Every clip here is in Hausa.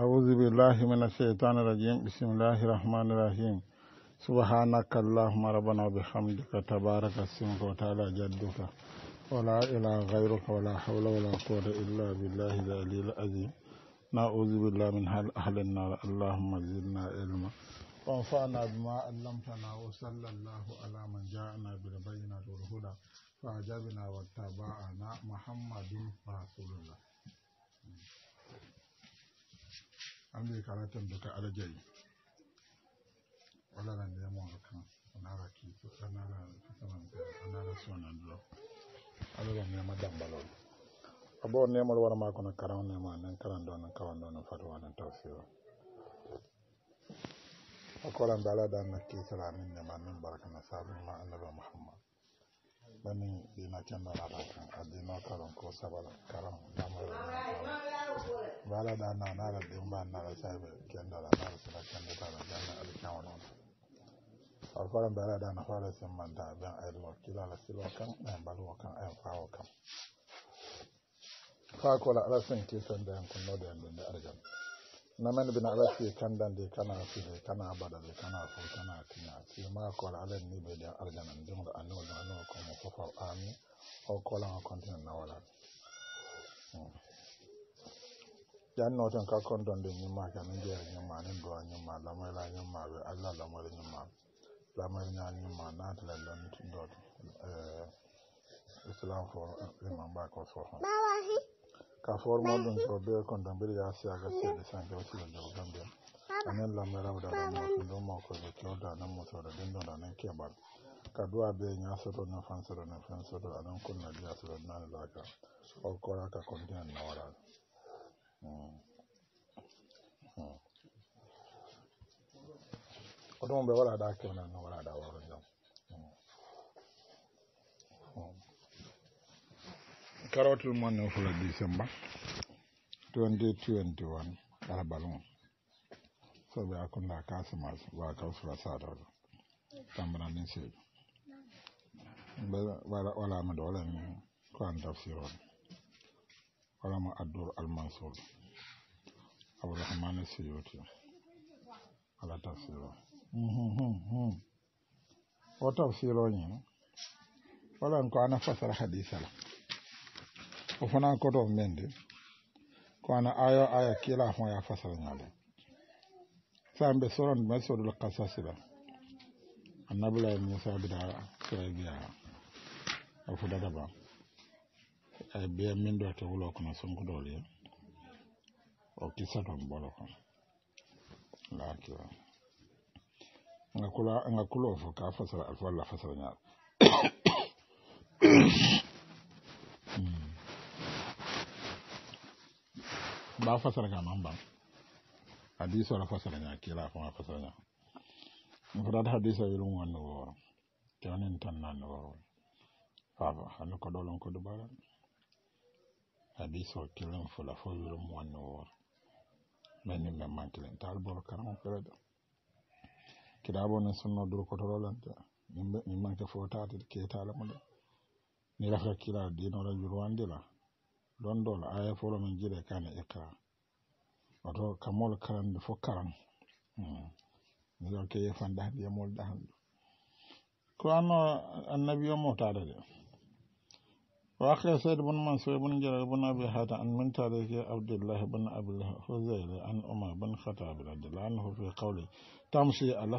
أعوذ بالله من الشيطان الرجيم بسم الله الرحمن الرحيم سبحانك اللهم ربنا وبحمدك تبارك اسمك وتعالى جدك ولا إله غيرك ولا حول ولا قوة إلا بالله العلي العظيم نعوذ بالله من أهل النار اللهم زدنا علما وانفعنا بما علمتنا وصلى الله على من جاءنا بالبينات والهدى فأجابنا واتبعنا محمد رسول الله An da ya doka da jayi wala ran da a kan onara ki to onara kisanan da sonan do ala ran ne madam balol abo ne mo wala ma karan ne ma nan karan da nan kawan do nan fatwa nan tawfiwa akoran da ala dan na ki salamin ne ma nan barka na sabon ma annabi muhammad ɗanin ɗina kenda nata kan addino karo ko sabal karon damar bala da na nara dimba nara sabe kenda da nara sila kenda tara jana alkan wani alfaran bala da na fara sin manta ben ayyuka kila la silwa kan ɗan balwa kan ɗan fawo kan fa kola ala san kisan da yankun da yankun da arjan mani bin ala fiye de kana fihe kana de kana fo kana tiña fima kol alen ni ɓe da anu da anu ko mo komo fofaw ami o na wala nawolade no tan ka kontonde ñimmake anen ma ñimma ma la ñimma lamoyla be allah na ta la ña ñimma do eh islam fo imam ba ko sofan Kafuwar forma ɗum so be kondombiri ya siyaga seeɗa sanke wasiɗo jaw gambe anen lamiraɓe ɗaɗa mawɗum ɗum mawkoɓe kewda da musoɗo ɗinɗon kaduwa bayan ka duwa be ñasoto da fansoto no da anen kunna liyasoto nani laka o kora ka na nawaral oɗon ɓe waɗa ɗa kewna nawara karotul monne fula décembre 2021 ala balon soɓe akunda kasemas wa kaw fula satato tambananin seeɗo wala olama ɗo olan ko an ala hmm, hmm, hmm, o ko ana fasara o koto mende ko ana ayo aya kila fon ya fasal ñaale sambe soron ma sodul kasasi ba annabula da bida sirabiya o da daba ay biya min do to wulo kono sonko dole o kisa don bolo kon la kiwa ngakula ngakulo nga kulo fo ka fasal alfa la fasara ñaale ba fasara ka man ban hadisa la fasara nya kila ko ma fasara nya mufrad hadisa yulun wannan woro tanin tan nan woro faba hannu ko dolon ko dubara hadisa kilin fula fo yulun wannan woro men men man kilin tal bor karam kredo kidabo ne sunno dur ta. tololanta min manke fo ta ke ta tala mo ni rafa kila dino rajul dila. don a aya folo min jiɗe kane ikra wato kamol karande fo karan hmm. da yefande mol da han ko anno annabi yo da de wa akhra sayd ibn mansur ibn jara ibn abi hata an min tariki abdullah ibn abi huzayl an umar ibn khattab radhiyallahu anhu fi qawli tamshi ala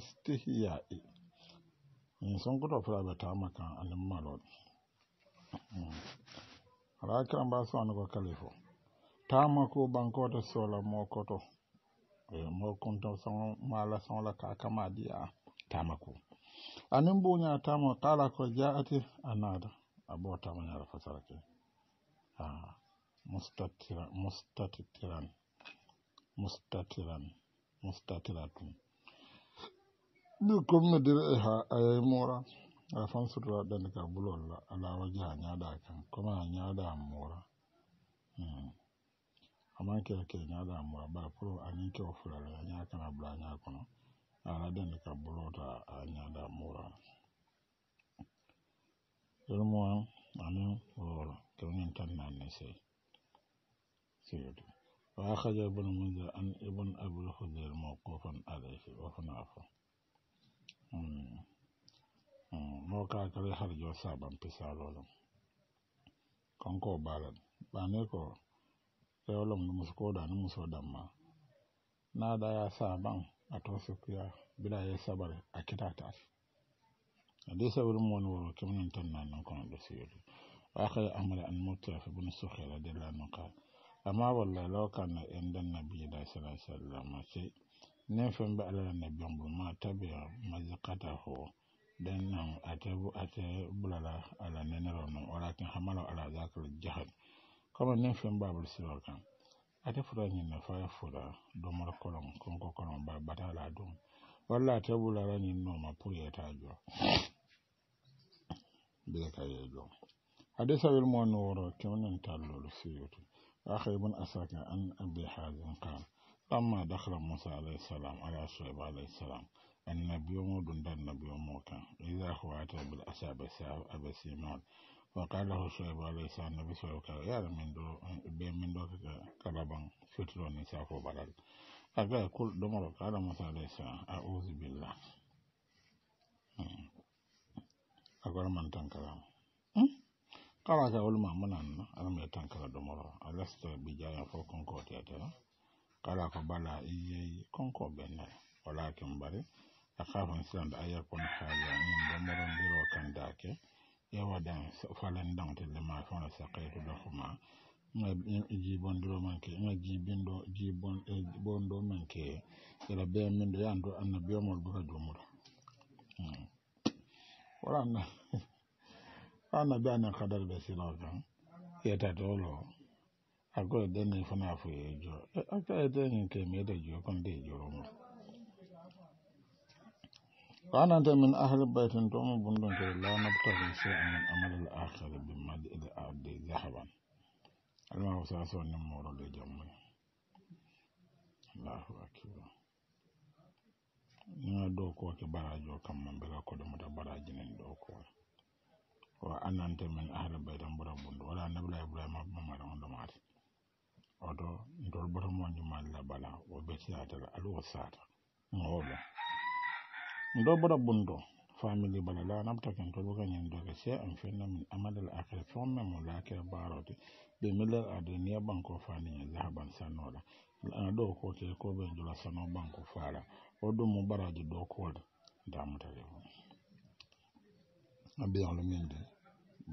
in sun kuto fura be maka alimma malon ala kiran ba suwanu ko kalifo tama ko bankoto sola mokoto e mokunto son mala son la ka kama diya tama ko anin bunya tama kala ko jaati anada abo tama nyar fasara ke ah mustatiran mustatiran mustatiran mustatiratun duk kuma dire ha ayi e, mora a fan sutura ɗan ka bulon la alawa ji hanya da kan kuma hanya da mura amma ke ke hanya da mura ba furo a ni ke ofura da hanya kana bula hanya kuna a radan ka bulon ta hanya da mura yalmuwa a nan wawar kirmin tan na nese sai ya tu wa a kaje bin munzir an ibin abu hujjar mako fan adashi wa fana fa moka hmm, kare harjo saban pisalolon kanko balan bane ko feolon ni musukoda ni muso damma na da ya saban a to sukiya bila ya sabar a kita ta dai sabar mu wani wuri kuma nan tan nan kan da su yi aka yi amara an mutuwa fi bin su khaira da lanuka amma wallahi lokan na yan dan nabi da sallallahu alaihi wasallam ce ne fa mba ala nabi mu ma tabi'a mazqatahu dennan um, ate ate bulala ala nenero no walakin hamala ala zakal jahal kama ne fen babul sirol kan ate fura nyin na faya fura do mar kolon konko kolon ba batala dum walla ate bulala nyin no ma puri eta jo bila kaye jo hade sabil mo no woro kemnan tallol fiyutu akhay bun asaka an abi hazin qala amma dakhala musa alayhi salam ala shuaib alayhi salam annabiyomo ɗum da annabiyomo kan ida howata bil asa aɓe aɓe simol wa qalahu shoaibu alayhi salam annabi shoaibu ka yara min ɗo ɓe min ɗo kaka kalaban fitiro ni safo baɗal aga e kul ɗomoro ka ala musa alayhi salam audu billah agora man tankaram kala ka wol mamunan alama ya tankara ɗomoro alasta bijayan fo konko tetera kala ko bala walakin akafan silanda a yakon haala ñin bo morondiro kandake ewaɗan falandaŋtelle ma fona sakayto ɗofuma e jibondiro manke ŋa jibindo jibondo e manke ela be mindo yanto annabiyomol dura jomuɗo hmm. wala anna annabi na kadar kan ke mede e jo kon de وأنا من أهل البيت توم بندن لا نبتغي شيئا من عمل الآخر بمد إذا أعدي ذهبا الما هو سأسوى نمور لجمعي الله أكبر نعم دوكو كبراجو كم من بلا قدمة براجين دوكو وأنا أنت من أهل البيت مبرا بندن ولا نبلا يبلا مبما مرم دماري أدو ندول برمو نمال لبلا وبيتي أدل الوسات نغوبا ndo bora bundo family bala la namta ken to buka nyen do se am fenna min amadal akal fomme mo la ke barote be milal aduniya banko fani nyen zahaban sanola ana do ko te ko be jula sano banko fara o do mo baraji do ko damta le abe on le mende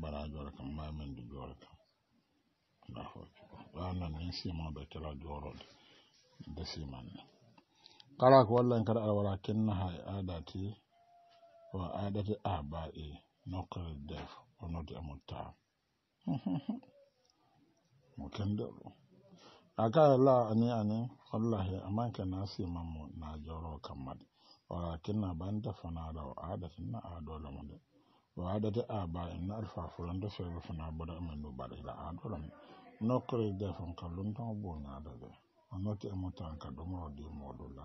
baraji wala kam ma men du wala kam na ho ko ana ni sima be tela do rol de simanna kala ko wallan kada ala wala kenna ha e adati wa adati abai nokkal def o noddi amon ta mo kende ɗo aka la ani ani wallahi aman ke na simanmo na joro kammadi wala kenna banda fanada o adati na adola mo de wa adati abai na alfafulanda fewo fana bada amon no bada ila adola mo nokkal def on kallum tan o bonyada de o noddi amon ta ka dumo o di modula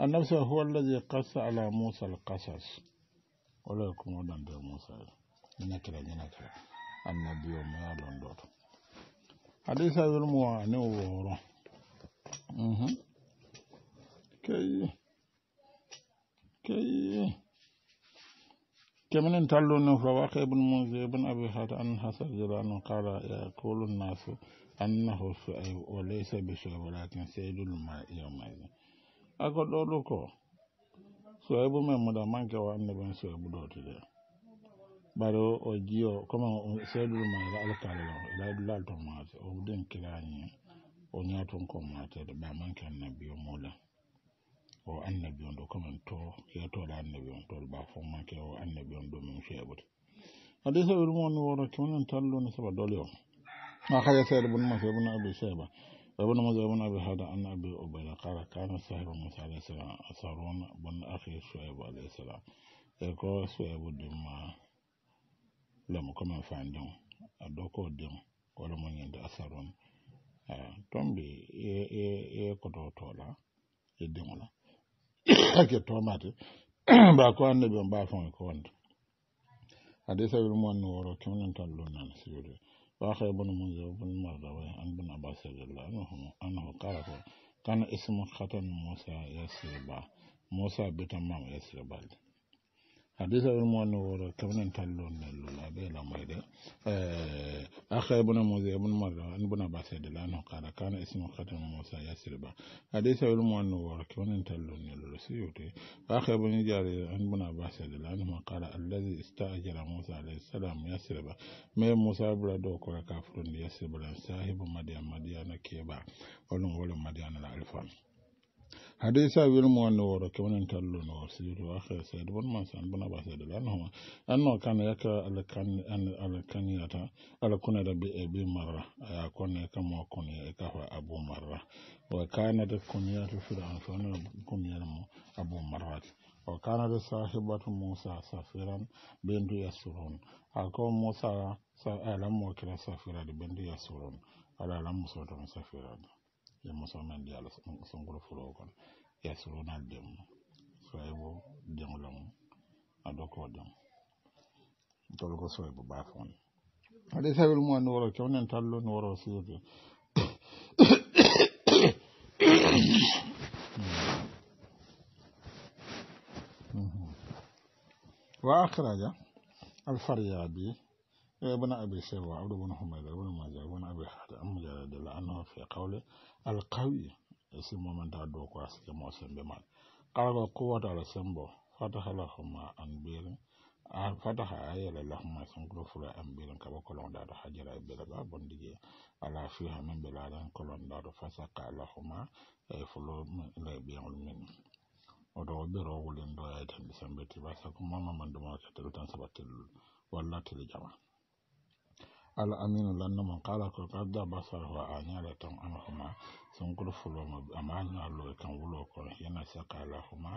النفس هو الذي قص على موسى القصص ولا يكون ودن به موسى ينكرا ينكرا النبي وما دوت حديث هذا المعنى وورا أمم. كي كي كمن انتلو نفر واقع ابن موزي ابن أبي حاتم أن حسن جلان قال يقول الناس أنه شعيب وليس بشعيب ولكن سيد الماء يومئذ agoɗoɗo ko soyebu men muda manke o annaben soyebu ɗotide bare o jiyo comme seyduru mayra alkalala ilaydulal to maate o ɗen kirañi o ñaton ko matede ɓa manke annabi o muɗa o annabi on ɗo commen to yetoɗo annabi on toɗo ɓa fo manke o annabi on do min feɓude ade soyeru moni woro kewnen talloni saba dole o a haya seede bonuma feɓuna abi seeba ابن مزامن أبي هذا أن أبي أبي قال كان صاحب موسى عليه السلام أثرون بن أخي شعيب عليه السلام يقول شعيب دم لم كما فاندون أدوكو دم ولا من يند أثرون tombi e koto tola e dimola ake tomate ba ko annabi ba fon ko wonde ade sabil mon woro kemnen tan lunan siwde وآخر ابن منذر بن مردوي عن ابن عباس رضي الله عنه أنه قال كان اسم ختم موسى يسربا موسى بتمام يسربا hadis a wani wani wuri kamunan tallon na lula bai lamai eh, da a aka yi buna muzi abin marda an buna ba sai da lanin kara kana isin katon musa ya sirba hadis a mu wani wuri kamunan tallon na lula su yi a yi buna jari an buna ba sai da lanin makara allazi ista a jira musa alayhi salam ya sirba mai musa bura da kura kafirun da ya sirba dan sahibin madiyan madiyan na ke ba wani wurin madiyan na alfa. hadisa wilmo wonde woro kewnen talluno siru akhe seyde bon man san bona ba seyde lan homa anno kan yaka ala kan ala kan yata ala kunada bi e bi marra aya konne kamo konne e kafa abu marra wa kanada kunyatu fil anfana kunyatu abu marrat wa kanada sahibatu musa safiran bintu yasurun ako musa sa alam mo kira safira bintu yasurun ala alam musa to safira ɓe musomen ndi ala songol fulo kon e surunal dem soybo denglon adoko ɗon tolko soybo bafon aɗa sawel mum ni woro kewnen tallo ni woro seede wa akhraja alfaryabi e, ibn abi shayba abdu ibn humayda ibn majah jalla anhu fi qawli alqawi simo man ta do ko asike mo sembe man kala ko kuwata ala sembo fataha lahuma an birin an fataha ayala lahuma sankulo fula an birin kaba da daɗo hajara e bela ba bondige ala fiha min belaɗan kolon daɗo fasaka lahuma e fulo la ɓiyol min oɗo ɓiro wulindo aytan ɗi sembe tiba sago mama man ɗuma kettel tan saɓatellul wala tili jama al'aminu lannaman kala ko kadda basar wa a nyala tan an kuma sun kurfulo ma amma nyalo kan wulo ko yana saka la kuma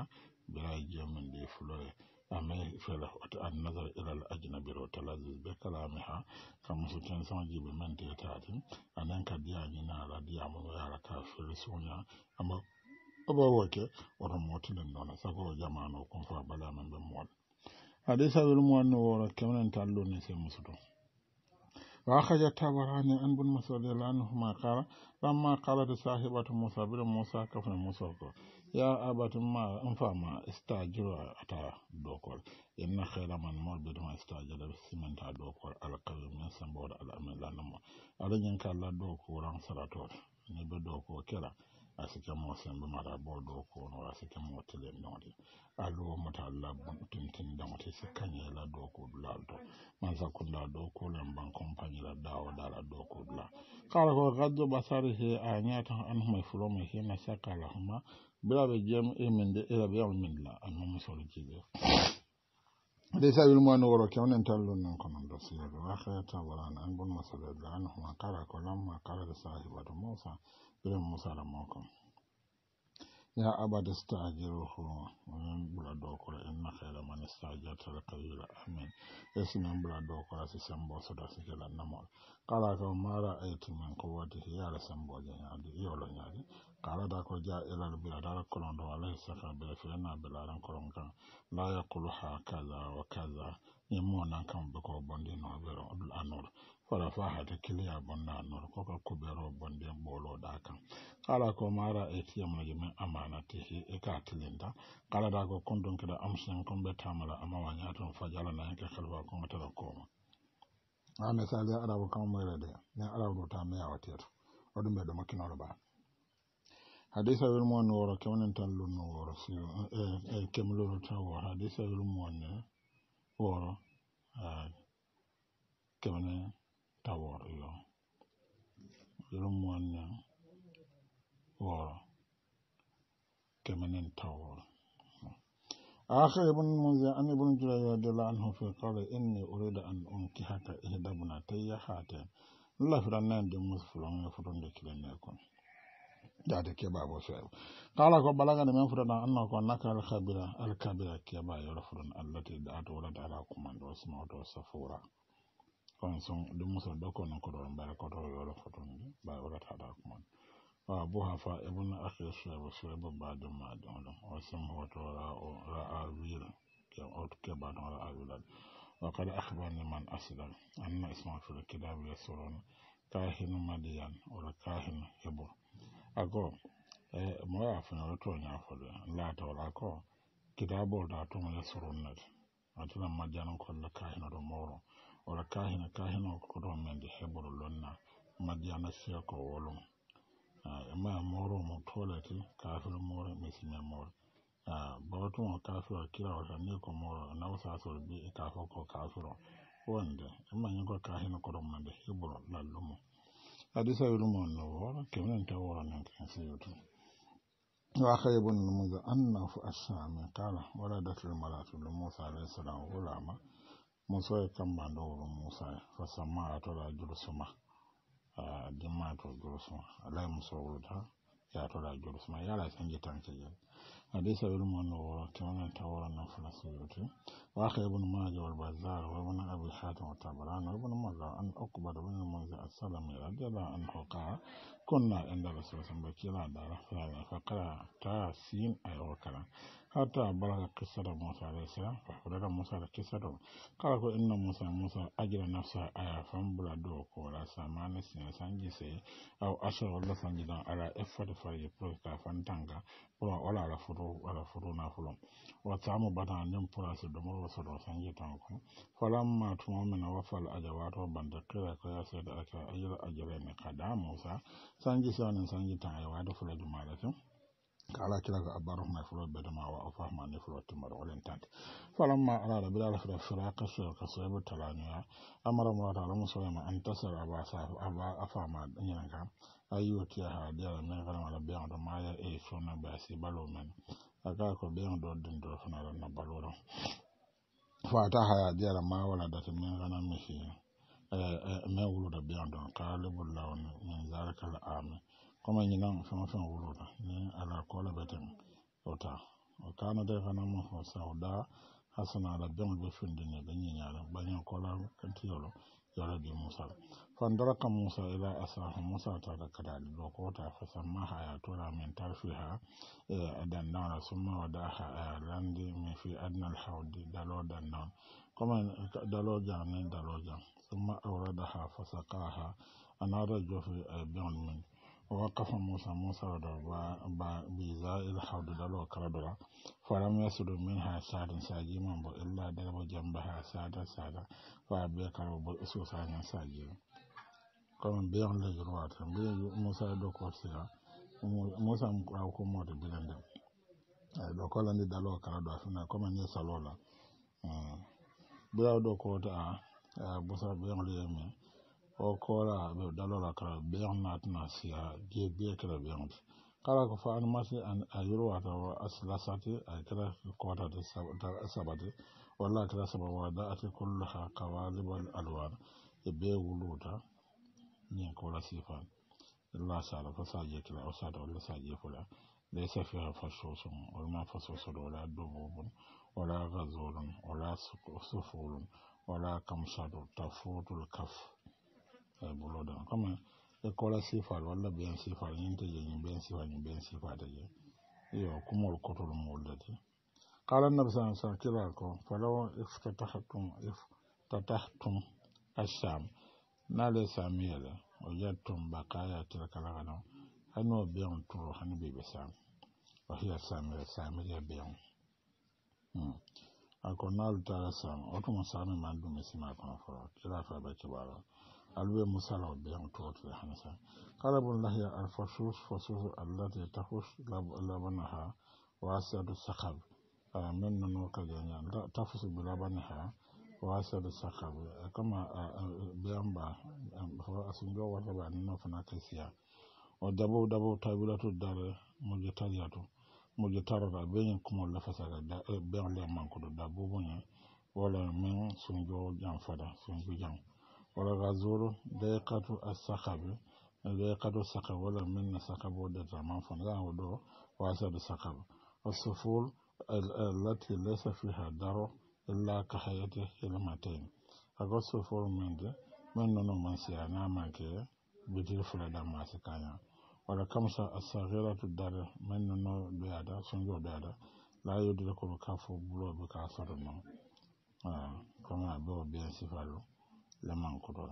bira jamin da fulore amma fela wata an nazar ila al'ajnabi wa talazzuz bi kalamiha kan musutan ji jibi man ta tatin anan ka diya ni na radiya mu yara ta firsuna amma abawa ke wata motulin nona sako jama'ano kun fa bala man bin mu hadisa bil mu wannan wora kemnan tallo ne sai musu don وأخرج الطبراني عن بن مسعود ما قال لما قالت صاحبة موسى بن موسى كفن موسى يا أبت ما أنفما استاجر أتا دوكول إن خير من مر ما استاجر بسمن دوكول على قوي من سنبور على أمي لانما أرجن كالا دوكول عن سرطور نبي دوكول كلا asikemo sembe mara boldo kono asikemo tele nodi aluwo mota labbo tintin damoti sikanye la do ko laldo man sakunda do ko lam ban compagnie la dawo dala do ko kala ko gaddo he a nyata an mai fulo mai hina sakala huma bila be jem e min e de ila be yawon min la an mun irin musala mako ya abada stajiruhu min bula dokora inna khayra man istajarta lakawira amin su min bula dokora si sembo soda si kela namol kala ka mara aiti min kuwatihi da sembo je ñaadi yolo ñaadi kalata ko ja ilal bila dara kolondo alayhi saka bila yana bila ran kolon kan la yaqulu ha kaza wa kaza ñimmo nan kam be ko bondi no bero wala fa kiliya bonna nor ko ka kubero bonde bolo da kan ala ko mara e tiyam na jimin amanatihi e ka tilinda kala da ko kondon kada amsan kon be tamala amma wanya ton fajala na yanka kalwa kon ta ko a misali arabu kan mere de ne arabu ta me awatir odum be ba hadisa wel mo no woro kewnen tan lu no woro si e eh, eh, kem lu ta woro hadisa mo ne woro a eh, ta tawarlo irin wannan woro kemenin tawar آخر ابن المنذر أن ابن جرير رضي الله عنه في قال إني أريد أن أنكحك إحدى ابنتي هاتين لا فرنا دي مسفرون يفرون دي كلنيكم dada ke babo few kala ko balagani men fotata anno ko nakal kabira alkabira ke ba yoro foton allati da ato wala da ala kumando safura fanson ɗum musul ɗo kono koɗon mbara koto yoro fotonji ba wurataɗa kumon o abu hafa ibnu akhi suwebo suwebo badum maɗum ɗum o sim hoto ra'a wil kebaɗon ra'a wilal وقد أخبرني من أسلم أن اسمه في الكتاب يسرون kahin madiyan wala kahin hebo ago e moya fana wato ya folo la ta wala ko kidabo da to mun surun na atuna madiyan ko kahin do moro wala kahina kahina koto men di heboro lonna madiyana wolo, wolon ma moro mo tolati kafir moro misime moro bawatun o kafiro kira wata ni ko moro na wasa sor bi kafo ko kafiro wonde ma ni ko kahina koto men di heboro lallumo hadisa yulumo no wala kemnen ta wala nan kan siyutu وأخي ابن المنذر أنه في الشام قال ولدت المرأة لموسى عليه السلام غلاما muso ye da wurin musa ye fo samma atola julu suma dimma to julu suma ala ye muso wuluta yatola julu suma yala sanji tanke jel hadisa wa wani abu ya tawora wata fula na واخي ابن ماجه والبزار وابن ابي حاتم والطبراني وابن da ya fakara ta sin a da kisa da musa alayhi salam fa da musa kisa qissatahu kala ko inna musa musa ajira nafsa aya fambula dow kola samane sina sanji se aw ashara walla sanji ɗon ala effata farje pour ka fantanga pour wala ala foto ala foto nafolon wa samu bata nden place domoro soto sanji tan ko falamma tumamina wafal ajawato banda kira ko ya seeda akira ajira ajira ne kada musa sanji sanin sanji tan ay wada fula jumaɗa tem ka ala kira ga abarahuma e fulo ma wa ofahma ni fulo timmaro olen tante falamma arada bilalafira firaka sel ka soybo talaniya amara murata alamu soyama an tasar aba afama ñinen kam ayiwotiya ha diyala min kanama ala beyaŋo ma ya e sonna basi balo men aka ko beyaŋo do dindoro fana ranna baloro fata ya diyala ma wala data min kana misi min wuluda beyaŋo don ka lebulawni min zalika l koma ñinan feŋ wuru wuluta ni ala kola beten ota o kana de fana mo fo da hasanala beŋ be findini ɓe ñiñala ɓañen kola tiyolo yolo di musa fandara ka musa ila asahu musa ta da tata ko ɗo ta fo samma haya tora min tarfiha e dannawla e, da wadaha aya landi min fi adnal da dalo dannawn comme dalo jang nin dalo jang summa awradaha fasakaha da jofi a e, beŋol min wo kafa musa musa da ba ba bi za il hawdu dal wa karadura faram yasudu min ha sadin saji man bo illa dal bo jamba ha sada sada fa be karo bo isu sanin saji comme bien le droit be musa do ko sira musa mu kura ko wa salola bra do ta o kola ɓe dalola kala beyanatna siya je biye kala beyanti kala ko fa animasi a yurwata wa asila sati a kota kotati sabati walla a kira sabawa da ati kullu ha kawalibal alwan e be wuluta ñin kola sifa illa sala fa saje kila o sata wala saje fula lay safiha fa wala ma fa sosoɗo wala dobobum wala gazulun wala sufulun wala kamsatu tafutul kaf e bulodan comme e kola sifal walla ɓen sifal ñinte je ñin ɓen sifal ñin ɓen sifata je yo kumol kotol muldati qala annabi sa sa kila ko fa falaw iftatahtum iftatahtum asham nale samiyele o jattum bakaya tilakala kana hani o ɓen turo hani ɓeɓe sam o hiya samire samire ɓen ako naalu tara sam o tuma sami man ɗumi sima kono fo kila fa ɓe kibaro alwe musala biyan tuwatu ya hamsa karabun lahiya alfasus fasus allati tahus labanaha wasadu sakab min nanu kalyanya tafus bilabanaha wasadu sakab kama biyan ba asin jo wata ba nino fana kisiya o dabo dabo tabilatu dare mujitariyatu mujitarata biyan kuma lafasa biyan man kudu dabo bunye wala min sun jo jan fada sun ju jan wala ga zoro dai kato a saka bi dai kato wala min na saka bo da zama fa na hu do wasa da saka bi asful allati laysa fiha daru illa ka hayati ilmatain ago asful min de min no man sia na ma ke bi dir da ma sa ka ya wala kam sa asagira tu min no no da sun go da da la yudu ko ka fu bu ka sa do no ah kuma do bi sifalo laman kudur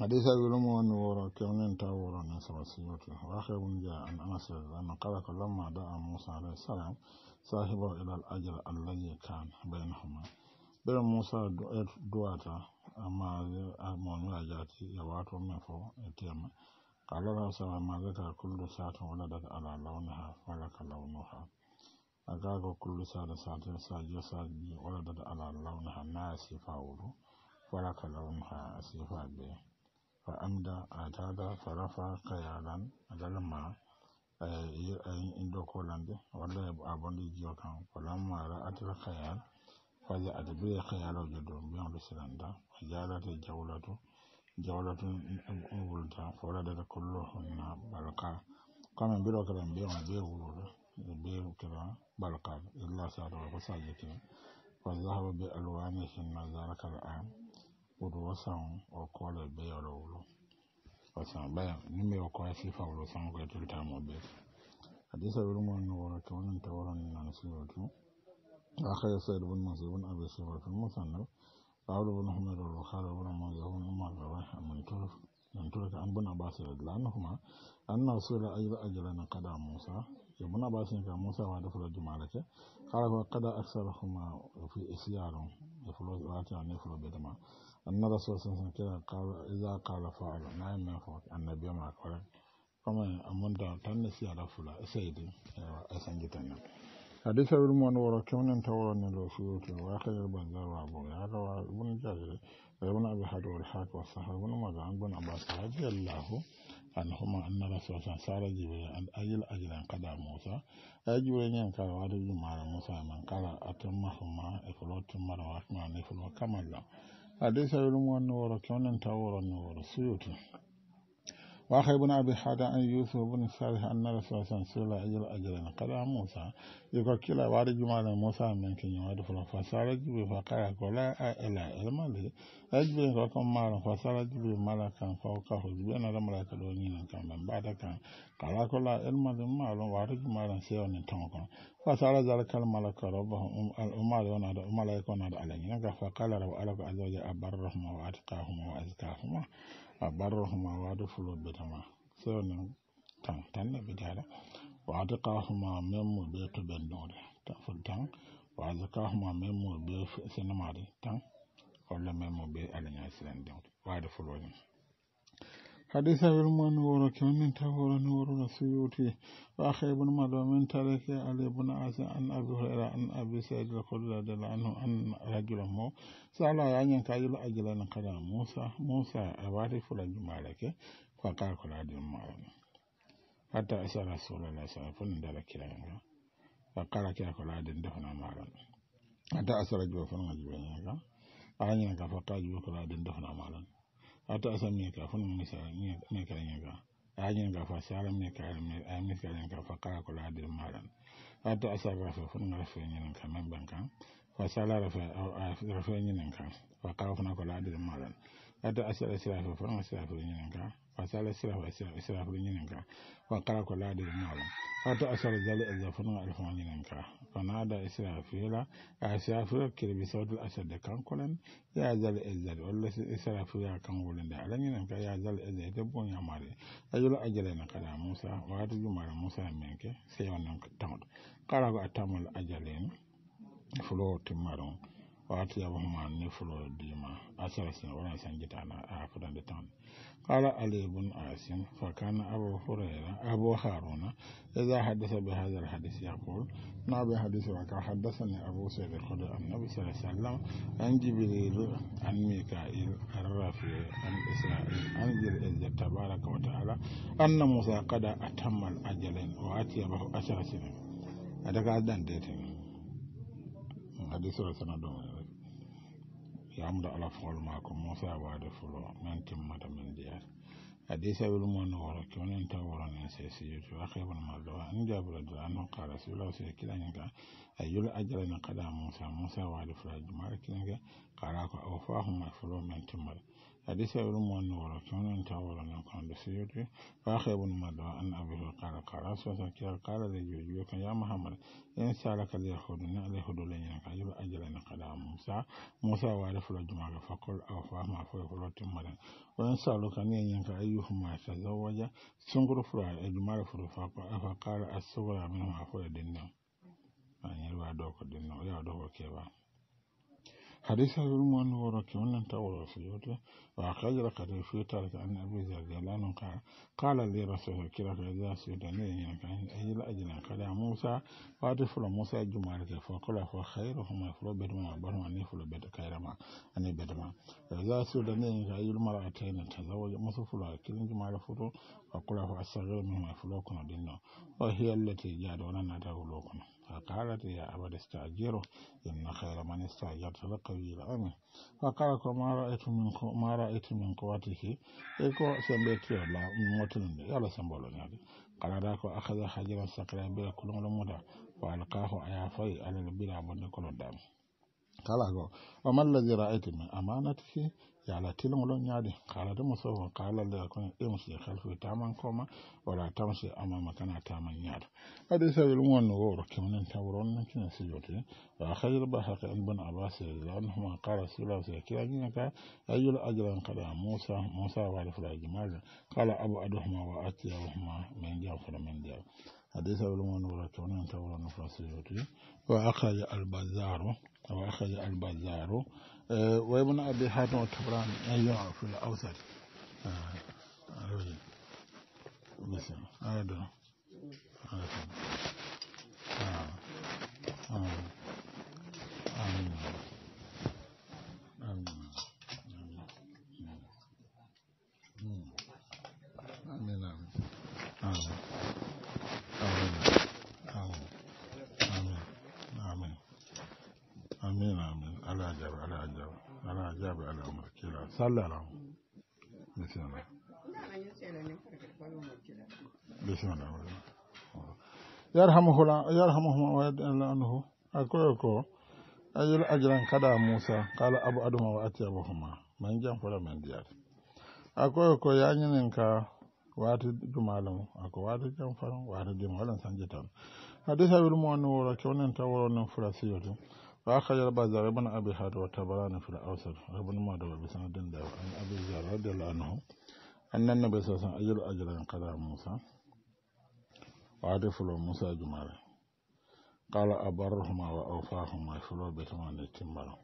hadisa zuru mu wannan wuro kyanin ta wuro na sarasu yake wa ake wunjiya an ana sarasu na kada ka lamma da a musa da tsara sahiba ilal ajiyar allaye ka bayan hama ɗaya musa eh, duwata a ma'amuna ya ce ya wato mafi ake yamma ƙalarar sarasu ma zata sata wadanda ta ala launaha wadanda ta launaha akaga kullu sada satin sa ji wadda da ala ha na sifa wuru faraka launha a sifa be fa amda atada farafa kayalan ya ayin indo kolande walla abondi jiyo kan falamma ra'atul khayal faja adbi khayalo jodo biyan rusulanda fajalata jawlatu jawlatu da kullu hunna baraka kama biro kalam biyan be wuro بير كلا بركات إلا سعد وقصاجة فذهب بألوانهن ذلك الآن ودوسان وقال بيرولو wasan baya ni mai wakwa shi faru san kai tulta mu be hadisa wurin mun ne wara to wannan tawaran nan su wato akhir sa'id bin mas'ud bin abi sa'id bin musannaf qawlu ibn humar al-bukhari من ترك عن بن عباس رضي الله عنهما أن رسول أجل أجرنا قدام موسى من أباسين كان موسى وعد فلو جمالك قال وقد أكثرهم في إسيارهم يفلو راتي عن يفلو بدما أن رسول صلى الله عليه وسلم قال إذا قال فعل نعم من أن نبي ما قال كما أمون دار تنسي على فلا سيدي أسان جتنا حديث المؤمن كون انتورا نلو نلوفيوك وآخر البنزار وابو هذا وابن جابر ابن أبي حدور الحاك والصحابة ابن مزعان ابن عباس رضي الله عنه anhuma anna rasula sa sara jibril an ajil ajilan kada musa ya jibril yan kara wata jumara musa man kara atan mahuma e fulotin marawa kuma ne fulo kamalla a dai sabirin wannan wara kyonan ta ne suyutu waxay bu abi xada an yusu bu sal an na sosan su la ajlo ajala na qada musa yu kila wari juma na musa men ke ñoo defu fa sala ko la a ila ilma li ajbi ko ko mar fa sala ju bi malakan fa ko ko ju na ramra ka do ñina kan ban ba da kan qara ko la ilma li ma lo wari juma na se ko fa sala zal kal malaka rabbuhum al umar wa na da ala ñina ka fa qala rabb alaka azza wa jalla abar rahman wa atqahum wa azkahum wa barrohuma waade fulo betema sewni tan tanne bitaɗa wa atikahuma men mo ɓe to ɓennude fo tan wa atikahuma men mo ɓe sinomade tan walla حديث أبي المنور كمن تهور نور السيوطي وأخي ابن مدو من تارك علي بن عاصم عن ابي هريره عن ابي سعيد الخدري رضي الله عنه ان رجل مو سأل عن كاجل أجل قال موسى موسى أباري فلان مالك فقال كل هذا المعلم حتى أسأل رسول الله صلى الله عليه وسلم ذلك فقال كل هذا دفن مالك حتى أسأل رجل فلان مجبين أعنين كفقاج بكل هذا دفن مالك ata sa mi ka fun mi sa mi ka yin ga ajin ga fa sa mi ka mi a mi ka yin ga fa ka ko la de maran ata asa ga fa fun ga fa yin ka men ban kan fa sala ra fa a ra fa yin ka fa ka fun ko la de maran ata asa la sira fa fun sira fa yin ka fa la sira fa sira sira fa yin ka fa ka ko la de maran ata asa la zal za fun ga fa yin ka fanada israfila a israfila kirbi sautul asad da kankulan ya zal ezal walla israfila kan wulin da nan ka ya zal ezal ita bon ya mare ajula ajala na kala musa wa ta jumara musa menke sai wannan tawon kala ga tamul ajalen fulo timaron waati ya huma ni fulo dima asar sin wala san gitana a fudan da tan qala ali ibn asim fa kana abu hurayra abu haruna idza hadatha bi hadha al hadith yaqul ma bi hadith wa ka hadathani abu sa'id al khudri an nabi sallallahu alaihi wasallam an jibril an mika'il ar rafi an isra'il an jil izza tabaraka wa ta'ala anna musa qada atamma al ajalain wa atiya bi asar sin adaka dan datin hadith wa sanadun yamɗo ala fowol mako musa wade fulo min timmata min jeeyata hadisa wil mon woro kewnen taw woronen se siyoto akebon do an jabradi anno si siwlaw se ka a yul na kada musa musa wade fula jumara kilinke kala ko aw fahuma fulo min timmata حديث ابن مؤن ورسول أن تاول من كان بسيوتي فأخي ابن مدى أن أبي قال قال سوسكي قال كان يا محمد إن سألك ليأخذني عليه دولين كيف أجل قدام موسى موسى وعرف الجمعة فقل أو فهم أفوي فلوت مرن وإن سألك نينك أيهما تزوج سنقر فرع الجمعة فقال الصغرى منهم أفوي الدنيا أن يلوى دوك الدنيا يا دوك كيفان حديث يروم أنه ورك ولن تأول فيه وأخرج لك في تارك عن أبي ذر جلال قال قال لي رسول كرك إذا سيدني كان أجل أجل قال يا موسى وأعرف موسى جمالك فقل وهم يفلو بدما وبرما أن يفلو بد كيرما أن يبدما إذا سيدني كان أجل مرأتين تزوج موسى فلو أكل جمال فلو وقل فأستغير منهم يفلو كنا دينه وهي التي جاد ولن تأولو كنا فقالت يا أبا استأجره إن خير من استأجرت لقوي الأمين فقالت ما رأيت من ما رأيت من قوته إيكو سمبيتي ولا موتن يلا سمبولون يعني قال أخذ حجرا سكرا بلا كل مدى وألقاه أيافي على البلا بني كل دامي kala ko malla mallazi mai amana amanatihi ya la tilngolon ñaadi kala da musowo kala de e ko imsi e ta taman koma wala tamsi amama kana taman ñaada ade sawil won no woro kemnen tawron nan kina sijoti wa khayr ba haqa ibn abbas huma qala sula sa kilani ka ayul ajran qala musa musa wa al ma maza qala abu adhuma wa atiyahuma min ja'a min ja'a حديث أبو المنورة ينتهون نفسيوتي واخذ البزار واخذ البزار أه، وابن أبي حاتم الطبراني أيضا في الأوسط مثلا هذا هذا jaabi alama kila salla alama bisimilla bisimilla yarhamuhum wayadla anhu akoyo ko ayil ajran kada musa kala abu aduma wa ati abuhuma man jan fola man diyat akoyo ko yanyinin ka wati dumalam ako wati jan fara wati dim sanjitan hadisa wil mo wora ko nen tawro nen fura siyoto wa ka yi rabaza a yau in na abin haɗu a tabanna na fila awa sata a yau in na mahaɗo a yau in na na an nana biyu sosai a yi yanzu a jiragen kaza a musa. wa a ti filo musa a jima'i. ƙa la abarruhu wa awa fahu ma filo bai ta ma da cim ba.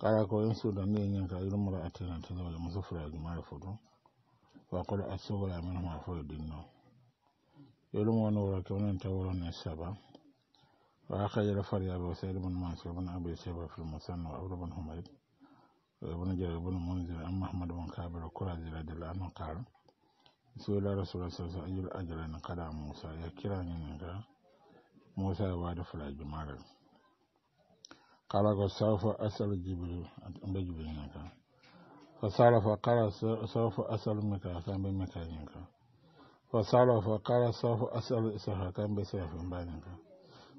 kaya ko yin sudan ne ɗin ka yi don mara a tina tizawar musu fula jima'i. ba ku a cikin wuya ma foyi dinnan. yi ruwan wani wuro kyanan tauraro ne shaba. وأخرج الفريابي وسعيد بن منصور بن أبي شيبة في المسن وأبو بن حميد وابن جرير بن منذر أم أحمد بن كابر الكرازي رضي الله عنه قال سئل رسول الله صلى الله عليه وسلم أجل أجلين قدع موسى يكراني موسى وعد فلا جمال قال سوف أسأل جبريل بجبريل فصار فقال سوف أسأل مكا كان بمكانك فصار فقال سوف أسأل إسحاق كان بسيف بانك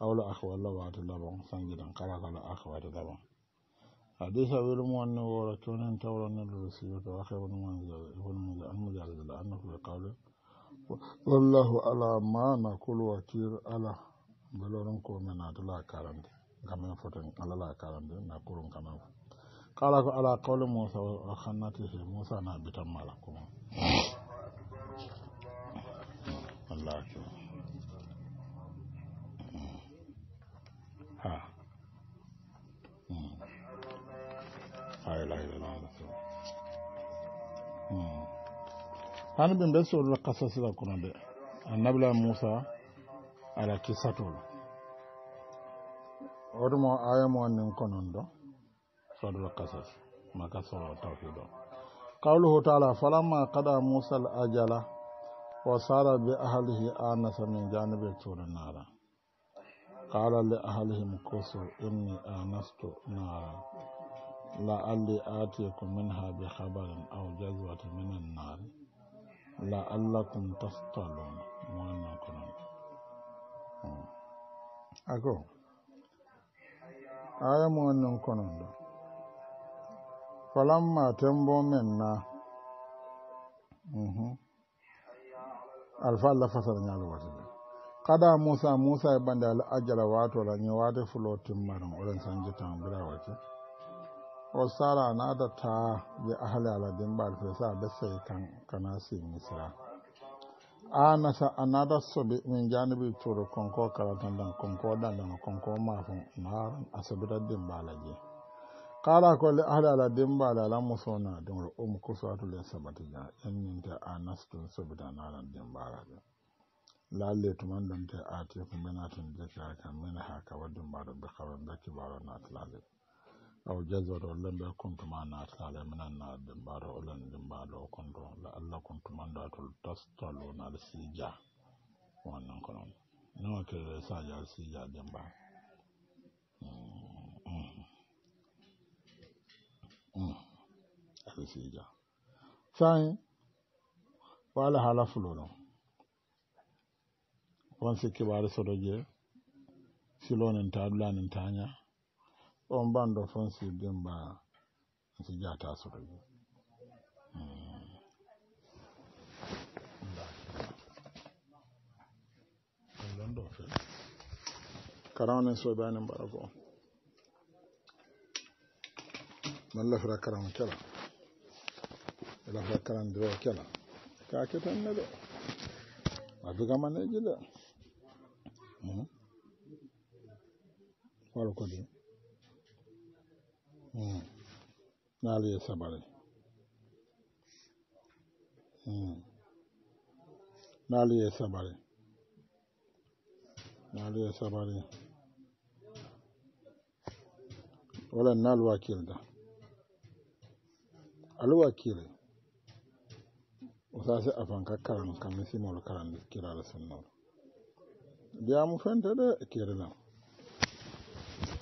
awla akhwala wata daban sangidan karakala akhwata daban hadisa wir mon ne wora tonen tawla to an mu da annahu bi qawli wallahu ala ma na kulu wakir ala baloron ko mena dala karande gamen foton ala la karande na kurun na kala ko ala musa wa khannati musa na bitan Allah hani ɓe mbe soorla kasasira kono de annabila Musa ala kisatol oɗumo ayamo nin konon ɗo soorla kasas maka soro tawhido qawluhu taala falamma kada Musa al ajala wa sara bi ahlihi anasa min janibe cuuri nara قال لأهلهم كوسو إني آنست نارا لعلي آتيكم منها بخبر أو جذوة من النار لعلكم تصطلون وأنا قرآن أكو آية مؤمن كنون فلما تنبو منا الفال لفتر نعلوة kada musa musa ya banda al'ajara wato ñi wate flotin marin wurin sanji tan bira wacce o sara nadata be ahali ala dimbal fe sa be sey kan kana si misra anasa anada bi min janibi turu konko karatan dan konko dan dan konko mafon naran asabita din je kala ko le ahali ala dimbala ala musona don o um kusatu le sabati ja en tun ta bi da naran dimbala je lalle tuman dam te aati ko minatin jekara kan mina ha ka waddum mbaɗo da ki baro na natalale aw jazor ollen ɓe be natalale ma na na ɗum mbaɗo olen ɗum mbaɗo konto la allah kuntumandatol da al sija wannan ko noon nawa kere saji ja sija demba ba? sija sai wala hala fulo won sikki ɓaade soto je silonin ta dulanin taña on banɗo fon si dimba si jata soto je karawanin so bayanin barako man lafira karan kela lafira karan dirawa kela ka kitan na da a fi gama na gida farko hmm? de hmm. naali ye sabari naali ye sabari hmm. naali ye sabari wala naali wakilda ali wakili o sase afan ka karan ka misimolu karandi kirala sunnolu da mu fanta da ke da nan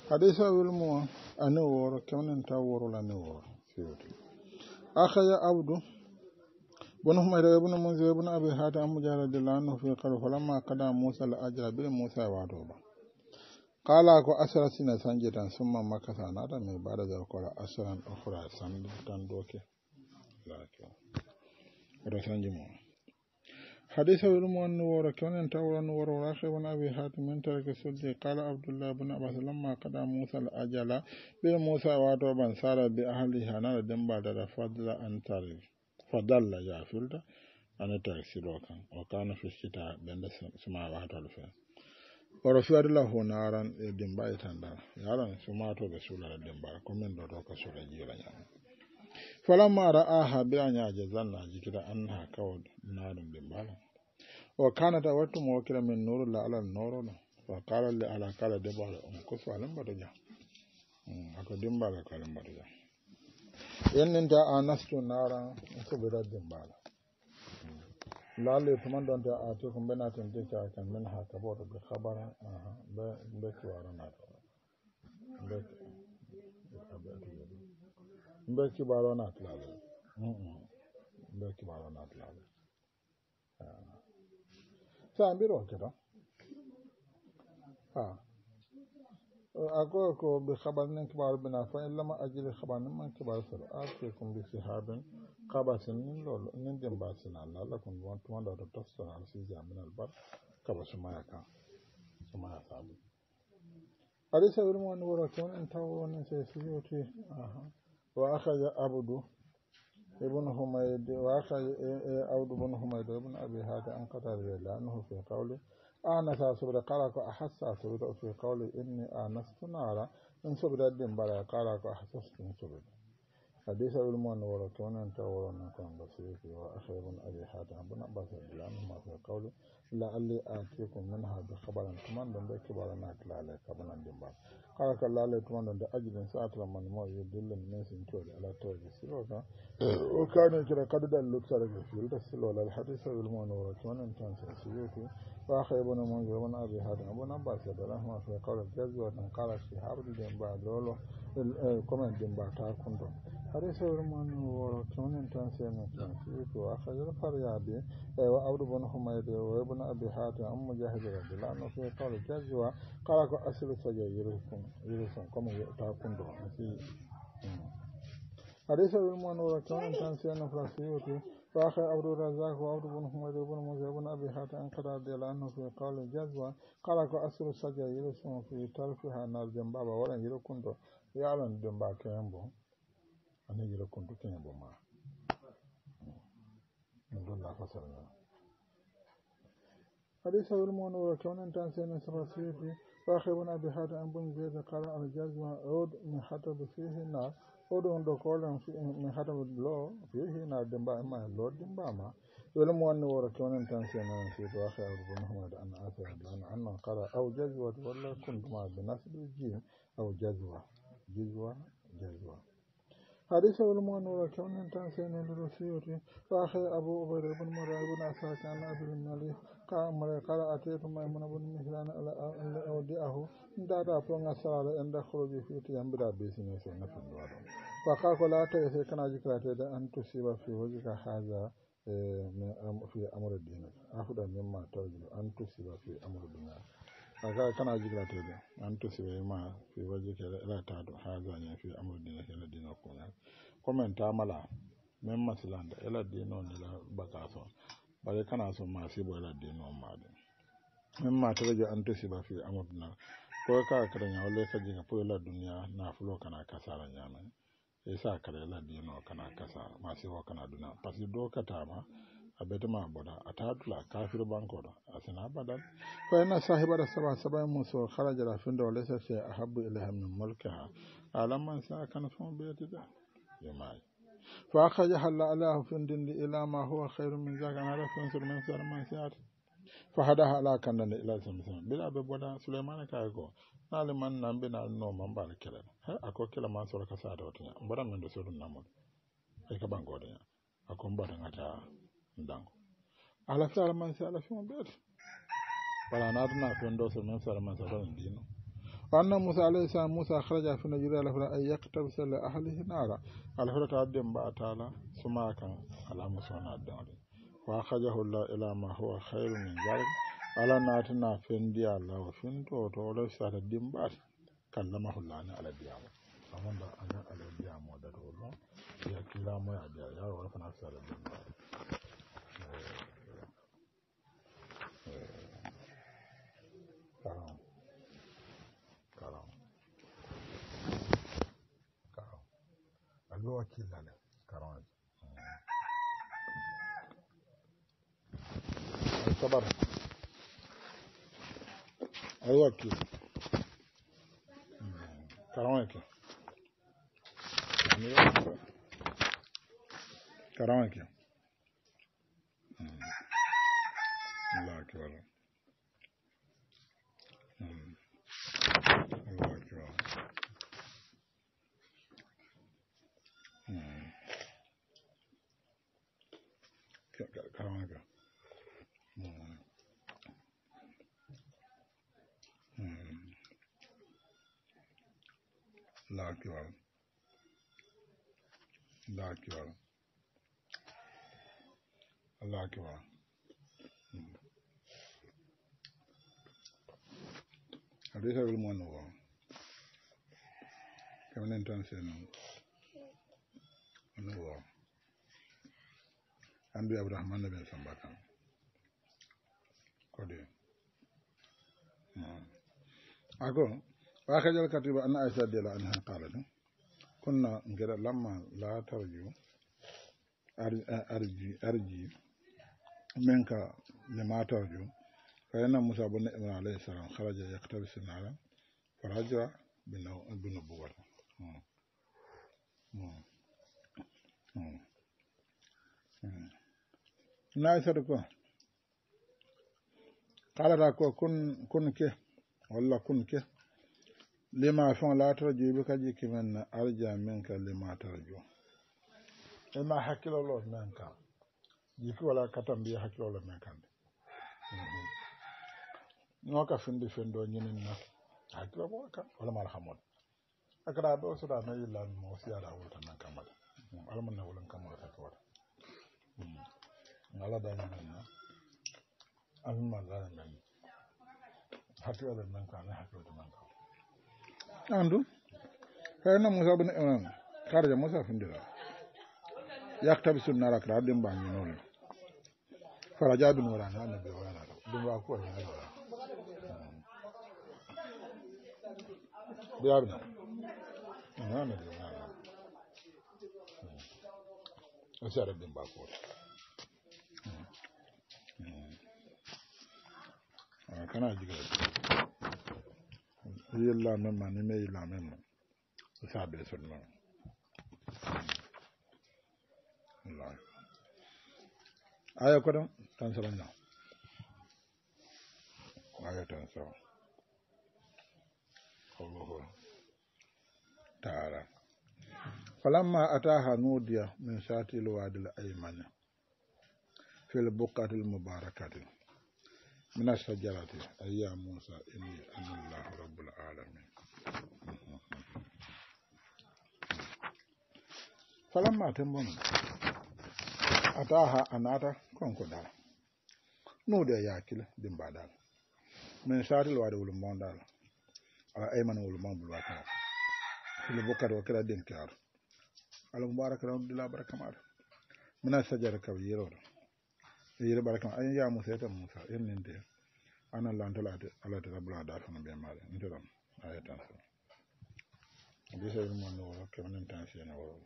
hadisa wilmu a newar kyaunin ta wuru la newar fiye aka yi abdu wani kuma da ibn munzi ibn abi hata an mujara da lanu fi karfa lamma kada musa al'ajira bil musa ya wato ba kala ko asirar suna san gidan sun man maka sana da mai ba da zarkwar asirar ukura san dokin lafiya. Rasan jimawa. حديث المؤن وركون تاور نور وروراخ بن ابي حاتم من ترك سدي قال عبد الله بن عباس لما قضى موسى الأجل بموسى واتو بن سار بأهلها نال دنبا در فضل ان تاري فضل يا فلد أن تاري سلوكا وكان في الشتاء بند سما واتو الفين ورفع الله نارا دنبا يتندر يارا سما تو بسول دنبا كمين دوتو كسولة جيرا يعني falamma ra'aha bi an yaje zanna jikita annaha kawad narin o kanata wattumo o kira min nurulla alal norono wa kalalle ala kala debale on um, ko falen mbaɗo jam ako dimbala hmm, ko alen mbaɗo jam yenninta a nastu naran ko hmm. ta a te ko mbenaten de ka kan min ha kaboto ɓe habara ɓe ɓe kibaranaɗo ɓe kibaronat lalle hmm, Sen bir olacak ah. ha. Ha. Agora ko bi xabar nañ ko baal bi na fa illa ma ajli xabar nañ man ko baal sa akikum bi sihabin qabasin min lol ñu dem ba ci na la la ko won to wanda to tasara ci jamina al bar qabasu ma yaka suma ya sabu ari sa wuro mo ñu woro ton en taw won ci ci yoti aha wa akhaja abdu ابن حميد وأخي أود بن حميد وابن أبي هذا أن قتل لأنه في قوله آنس سبر قالك أحس سبر في قوله اني آنست نارا ان سبر الدين بلا قالك أحسست إن سبر حديث المؤمن ورطون انت ورطون كان بسيط وأخي بن أبي هذا بن أبي هذا لأنهما في قوله لعلي آتيكم منها بخبر كمان دون ده كبارا ناك لعلي كبارا جنبا قالك لعلي كمان دون ده أجل ساعت لما نمو يدل الناس انتولي على توجي سلوكا وكان كده قد ده اللبسة في يلد سلولا الحديث بالمنورة كمان انتان سيسيوكي وآخر ابن منجر ابن أبي هادم ابن أباس يدلهما في قول الجزوة قال الشهاب جنبا دولو كمان جنبا تاكم دون حديث بالمنورة كمان انتان سيسيوكي وآخر فريابي وعبد بن حميدي وابن بن أبي حاتم عن مجاهد رضي الله عنه في قال جزوة قال أسر سجى يرسم يرسم كما يأتاكم بحسي حديث أبي المنور كان تنسي أن فرسيوتي فأخي عبد الرزاق وعبد بن حميد بن موسى بن أبي حاتم أن قرأ رضي الله عنه في قال جزوة قال أسر سجى يرسم في تلفها نار جنبابا ولن يركن يعلن جنبا كيامبو أن يركن كيامبو ما من دون لا فصل منه فليس علمه نور كون أنت أنسي من سفاسيه فأخبنا بهذا أن بن زيد قال الجاز ما عود من حتب فيه نار عود من دقول من حتب لو فيه نار دمبا ما لو دمبا ما علمه نور كون أنت أنسي من سفاسيه فأخبنا بهذا أن أنسي من أن قال أو جزوة ولا كنت ما بنسب الجيم أو جزوة جزوة جزوة حديث علماء نورا كون انتان سينا لرسيوتي فاخي ابو عبير بن مرعي بن عساك عن المليح kamar kala a te to mai mana bunni hilana ala inda audi aho inda ta fa nga sala inda khuru bi fiti yan bida bisine so na fa do ado fa ka ko la ta sai kana jikra te da an to siba fi wajika haza e, min am fi amru din afuda min ma to jilo an to siba fi amru din fa ka kana jikra te da an to siba ma fi wajika la ta do haza ne fi amru din la ko na komenta mala min masilanda ela dino ni la bakaso bare kana son ma sai so da yin wani maɗum min ma ta rage an taraji antesiba fi amaduna ko ka karaña walla ka jega pour la na fulo kana kasa ran ñamen ya sa kara la dino kana kasa ma sai masibo kana duna par ce que ta ma a betema boda a ta tula kafir banko da a sina badal fa sahiba da saba saba mum so wale findo a ahabbu ilaha min mulkiha alamman sa kana fon ɓeytide yumayi فأخرجها الله في الدين إلى ما هو خير من ذلك أنا رفع نصر من سر من سيات فهداها لا كان إلى سمسم بلا ببودا سليمان كايكو نال من نبي نال نوم من بارك الله أكو كلا ما سورة كسادة وتنيا برا من دسول نامون إيكا بانغوديا أكو مبارا نتا دانغو على سالمان سالفين بيت بلا نادنا في الدين سليمان سالفين دينو anna musa alayhi salam musa kharaja fi najira la fara ayak tabsa la ahlihi nara al hurata adem ba taala suma kan ala musana adem wa khajahu allah ila ma huwa khairun min zalik ala natina fendi allah wa finto to la sata dimbat kallamahu allah ni ala diyama amon da ala diyama da to ya kila mu ya biya ya wa fana sata dimbat eh eh Lua kilala karonzi. Aí tá é aqui. kilala. aqui. Karonzi. aqui. sɛ no ɔno wɔ ande ako katiba ana aisa dela anha kala no kunna ngira lamma la tarju arji arji menka le ma tarju kayana musa bin ibrahim alayhi salam kharaja yaqtabis al'alam farajra bin bin naasar ko kalata ko kun ke walla kun ke lima fon latar jibi ka ji kimin na minka lima tarjo ima jiki wala katan biya hakkilolo men kan findi fendo ñinin na akara ɓe o soɗa nayi lanuma o siyaɗa wurta nan kammala almanna wala kammala take waɗa ala dani menna na lana men hakkilade nan ka ne hakkilde nan ka andu fayno moussa bne imran eh, karaja moussa findira yaktabi sunnara kra ɗum mbañinol faraja bin warani annabi oyanata ɗum wa kuwa ñinalora ɓeyabina nana de o kana ma ni ma s'a aya kɔdɔn aya taara falamma ataha nudiya min sati lwadi laimani fi lbukati lmubarakati min ashajarati ayya musa ini anallahu rabulalamin falamma tembono ataha anata konko dal nudiya yakile dimba dal min sati lwadi wulumondal ala aimani wulumon bulwakaa sili bokar wa kela den kaaru alam baraka ran dula baraka maɗo mina sajara ka yeroɗo e yiro baraka ay ya musa ta musa en ninde anan lantolade alade rabula datono ɓe maɗe ntoɗon aye tan so bisayir mon woro kemanen tan siyena woro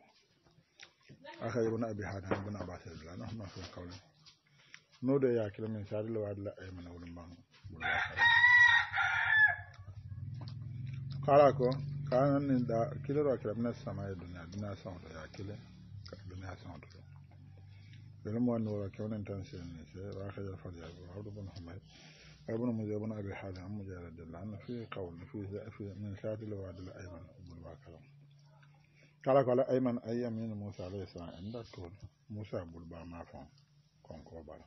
aka ibn abi hadan ibn abbas ibn ahmad fa sun no de ya kila min sari wa la ayi mana wurin ban kala ko kanani da kilo ra kira mina sama ya duniya duniya san wata ya kile ka duniya san wata ya kile mu wani wura kyau nan tansi ne ce ba ka jar farya ba har dubu na hamari ai bunan mu zai bunan abin hada an mu jara da lana fi kawun fi zai fi min sati lawa da la aiman abu ba kala kala kala aiman ayyamin musa alayhi salam inda to musa bulba ma fon kon ko bala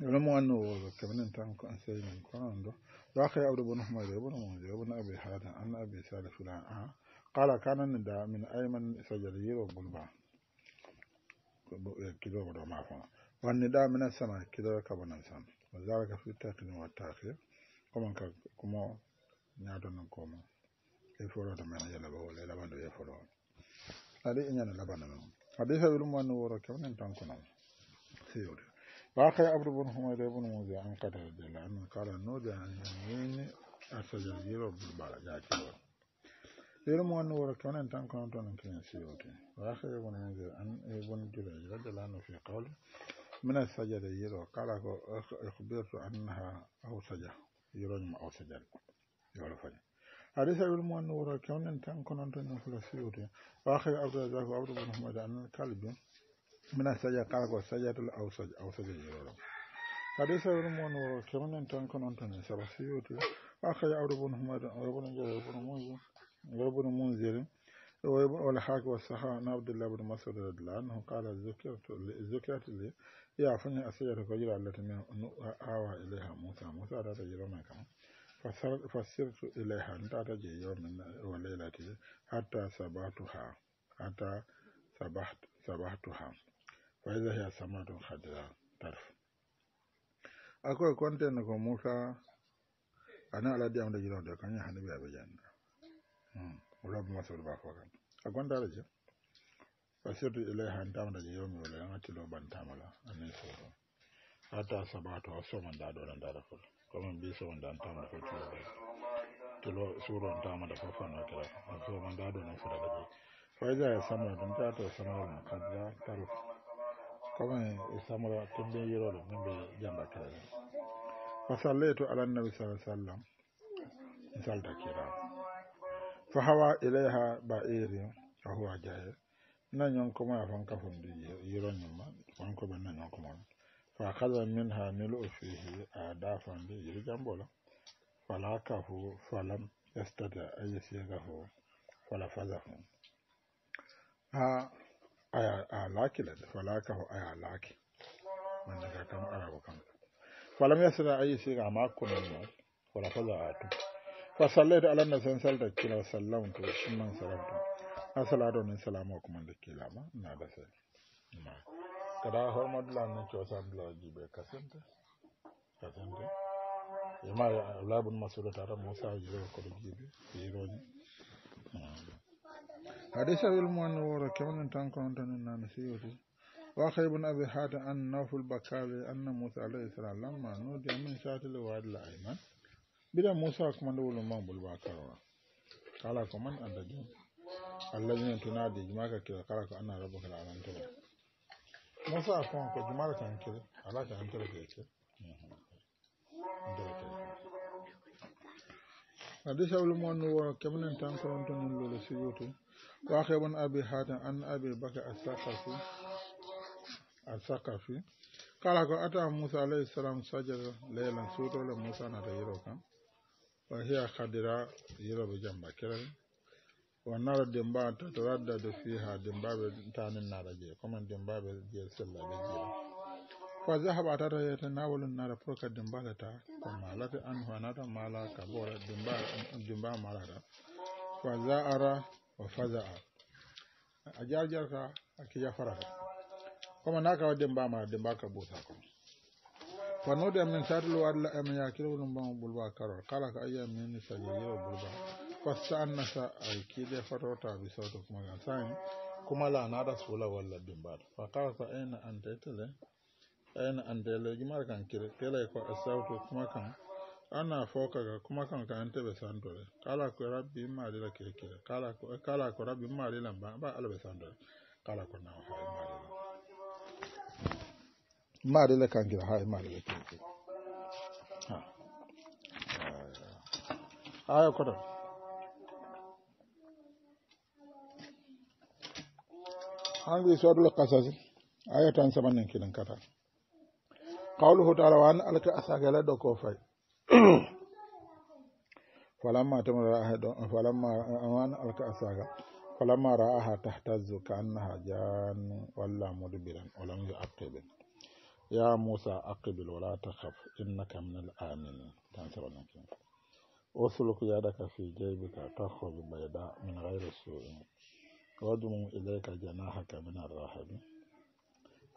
yana mu wani wura kyau nan tansi ne kwanan da وأخي عبد بن حميد بن مهجر بن أبي حاتم عن أبي سعد فلان قال كان النداء من أيمن سجري سجلي وقلبان كيلو ما معفوا والنداء من السماء كيلو كبنا السماء وذلك في التقديم والتأخير كما كما نعدنا كما يفورا تما يلبا بقول لا دو يفورا هذه إننا لبا نمو حديث بالمؤمن وركبنا تنكنا سيوري وأخي عبد بن حميد بن موزع عن قدر الدل أنه قال نودع عن يمين أتزلزل بالبركات يرمو أنه وركون أن تنكون أنتون كين سيوتي وأخي ابن منذر أن ابن جريج رجل عنه في قوله من السجد يرو قال أخبرت أنها أوسجة يرون أو سجل يرو فجأة حديث أبي المؤمن وركون أن تنكون أنتون كين سيوتي وأخي عبد الرزاق عبد بن حميد أن الكلب من saja kala ko sajatul aw saj aw sajayiro hadisa wuro mon wuro kemanen tan konon tan saba siyoti akhay awrubun humadun awrubun jawrubun munzir awrubun munzir والحاكم والصحابة عن عبد الله بن مسعود رضي الله عنه قال ذكرت ذكرت لي يعفني أسيرة الرجل التي من آوى إليها موسى موسى لا تجرمها كمان فسرت إليها نتعت يوم وليلة حتى حتى fa ya hiya samatun khadira tarfu akwai konten ko musa ana hmm, ala diam da jiro kanya hanabi abe janna hmm wala bu masul ba ko kan akon da raje fasiru ilai hantam da bantamala anan hata sabato so man da do nan da rafu kuma bi so man da antam da ko tulo suro dama da fafa na kira a so man da do nan ya samu dun kadra tarfu kamen e samra tembe yirole membe janda kirare fa sallaytu ala nabi sallallahu alaihi wasallam misal da kira fa hawa ilaiha ba iri fa huwa jahe na nyon ko ma fon ka fon yiro nyon ma fon ko ben nyon ko mon fa khadha minha milu fihi a da fon bi yiri jambola fala ka fu falam yastada ayyasi ga fu fala fala fu ha aya alaki la falaka ho aya alaki man daga kan arabu kan falam yasra ayi sai ga makon ne wala faza'atu fa sallaitu ala nasan salta kila sallamtu man assalamu alaikum nin salama kuma da kila ma na da sai kada hormat la ne ko san la jibe kasanta kasanta yamma labun masulata ta musa jibe ko jibe yironi hadisa wilmon woro kemnen tan kontonen nane siyoti وأخي بن أبي حاتم أن نوف البكالي أن موسى عليه السلام لما نودي من شاة الواد الأيمن بلا موسى كمان دول ما بالبكار قال كمان أنت جن الذين تنادي جماعة كذا قال أنا ربك العالم ترى موسى كمان كجماعة كان كذا على كان كذا كذا hadisa wulmon wo kemnen tan korontonen lolo siyoto وأخي بن أبي حاتم عن أبي بكر Musa الثقفي قال أتى موسى عليه السلام سجد ليلا سوتو لموسى نتيرو كان وهي خدرة يرو بجنب كلام wannan dimba ta tarar da fiha dimba bai tanin na rage kuma dimba bai je sallah da jira fa zahaba ta ta ta nawulun na da furka dimba da ta kuma lati an hana ta mala kabora dimba dimba mala ta fa za'ara wa faza'a a jarjarka a kija faraka kuma naka wadin ba ma din baka busa ko fanno da min sarlu alla am ya kirun ban bulba karar kala ka ayya min sajiri wa bulba fasta annasa ay kide farota bi sautu kuma ga sai kuma la na da sula walla din ba fa ka kan ko kuma ana fokaga kuma kan ka ante be santo kala ko rabbi ma dira keke kala ko kala ko rabbi ma dira ba ba ala be santo kala ko na ha ma dira ma dira kan gira ha ma dira keke ha ayo kodo hangi sodu le kasasi ayo tan sabanen kidan kata qawluhu ta'ala wa an alka asagala do ko fay falamma tamra'aha falamma awan alka'saga falamma ra'aha tahtazzu ka'annaha jan walla mudbiran walam yu'aqqib ya musa aqbil wala takhaf innaka min al-amin tansabunki usluk yadaka fi ka jaybika takhudh bayda min ghayri su'in wadum ilayka janahaka min ar-rahb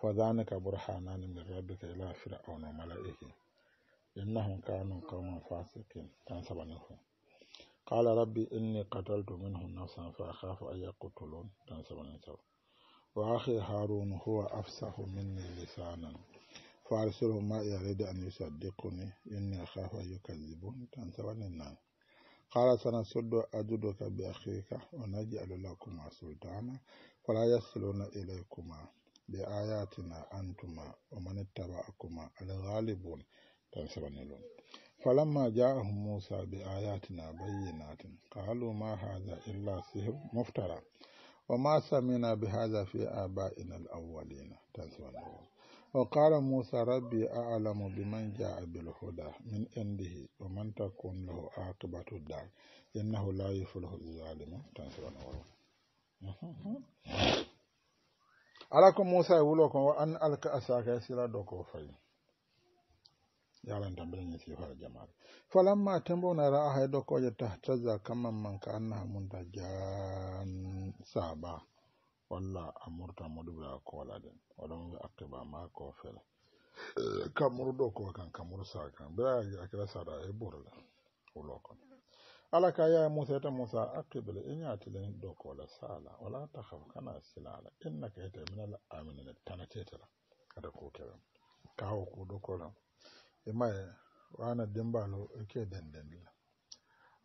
fadhanaka ni min rabi rabbika ila auna mala'iki. innahum kanu qauman fasiqin tan sabani fo qala rabbi inni qataltu minhum nafsan fa akhafu an yaqtulun tan sabani fo wa akhi harun huwa afsahu minni lisanan فارسله ما يريد أن يصدقني إني أخاف أن يكذبون تنسون النار قال سنسد أجدك بأخيك ونجعل لكما سلطانا فلا يصلون إليكما بآياتنا أنتما ومن اتبعكما الغالبون kan sabani lon falamma ja'ahum musa bi ayatina bayyinatin qalu ma hadha illa sihr muftara wa ma sami'na bi hadha fi aba'ina al awwalina kan sabani lon wa qala musa rabbi a'lamu biman ja'a bil huda min indihi wa man takun lahu aqibatu dar innahu la yuflihu al zalimun kan sabani lon ala ko musa e wulo ko an alka asaka e sila do ko fayi yalan tambe ni si fara jamaa falam ma tambo na ra ha e do ko ya tahtaza kamman man ka anna munta jan saba walla amurta modubra e ko wala den o don ga akiba ma ko fere eh, kamuru do ko kan kamuru sa kan bra ga akira sada e burla o loko ala ka ya musa ta musa akibla e inya tilin do ko la sala wala ta khaf kana silala innaka ta min al aminin tanate tala kada ko kere kawo ko do ko la imai e wana dimbalo e ke denden la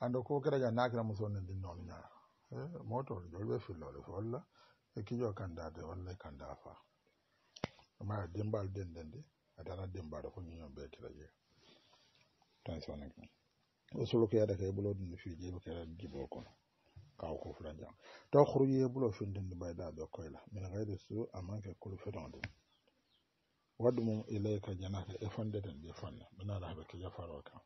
ando ko kera ga nakira muso ne din non nya eh, moto jolbe filolo walla e kijo kanda de walla kanda fa e ma dimbal denden de adana dimbal ko nyon be kera je tan so ne o solo ke ada ke bulo din fi je ke ra gibo ko kaw ko fulan jam to khruji bulo fi din bayda be koyla min gairu su amanke kulu fetonde waɗumum ilayka janaka e fondeten na muna da haɓe ka faro kan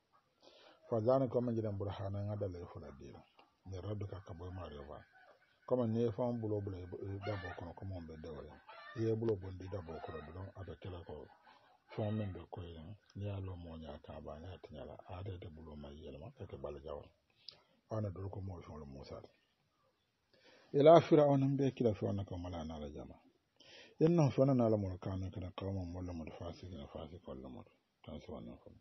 fa zanaka omin jiɗen burhanan hana gada ley biyu e dira nde rabu ka boye mario kuma ne ya fan bulo bulo e e dabo kono kuma wanda da dewre ya bulo da dabo kono don a da kela ko fan min lomo koyen ni a lomoña ya tunyala a da da bulo ma ka kake bala jawol ana ɗor ko moy wani musa ila firauna mbe kila wani ko mala da jama yennan fana na lamol kano kana kawmon mollamol fasikina fasik wallamol tan si wannan fana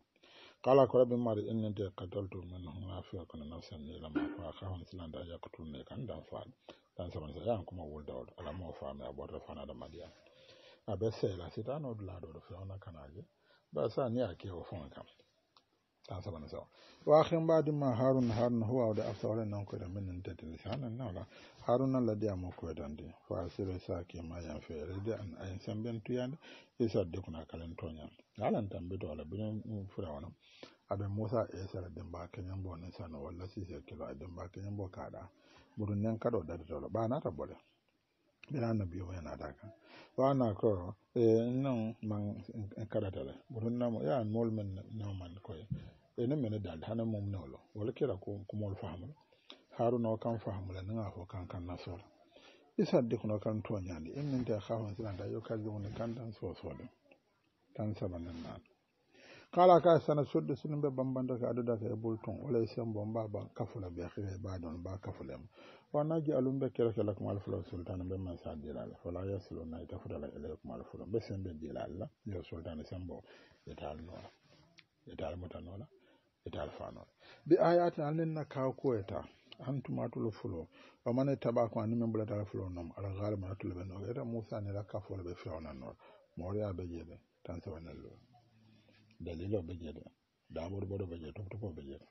kala ko rabbi mari en nante kadolto men hon afiya kono nafsan ni lama ko akahon da ya ko tunne kan dan faal tan saban sa yan kuma wol dawol ala mo faami a borta fana da madiya a be sela sitano dula do do kana je ba sa ni a kewo fon kam an sabana sawa wa akhirin ba'din ma harun harun huwa da afsawala nan ko da minin da dil sanan la harun nan ladiya mu ko da de fa sire sa ke ma yan fe rede an ayin san ben tuyan isa de kuna kalan tonya alan tan bi dole bin fura wannan abin musa ya sara din ba kan yan bo nan sanan wallahi sai ba din ba kan yan bo kada burun nan kado da dole ba na tabbata ina na biyo yana daga wa na ko e nan man karata da burun na ya mol men na man ko e ne men eh, dal hana mum no lo wala kira ko ko mol haru no kan fahamu la na ko kan kan na so isa de ko kan to nyani en min da khawon sina da yo kan zo ne kan dan so so kan saban na kala ka sana sodde sinin ɓe bambanta ka aduda ka e bolton wala sembo mba ba kafula ɓe akika e baɗon mba kafulema wanaji alum ɓe kere kela kuma alfula sultane ɓe man sa dilala fala yasilo nayi tafutala ele kuma alfula ɓe sembe dilalla yo sultane sembo yetal nola yetal mutanola yetal fanola ɓe ayati annenna kaw koyeta han tumatolo fulo o mane taɓa ko ani min ɓulatala fulo noom ala galima natulo ɓe noga eta ne la kafola ɓe fewna nola mawriya ɓe jeeɓe tan sewanello dalilo ɓe jeeɗe damurɓoɗo ɓe jeeɗe toftuko ɓe jeeɗe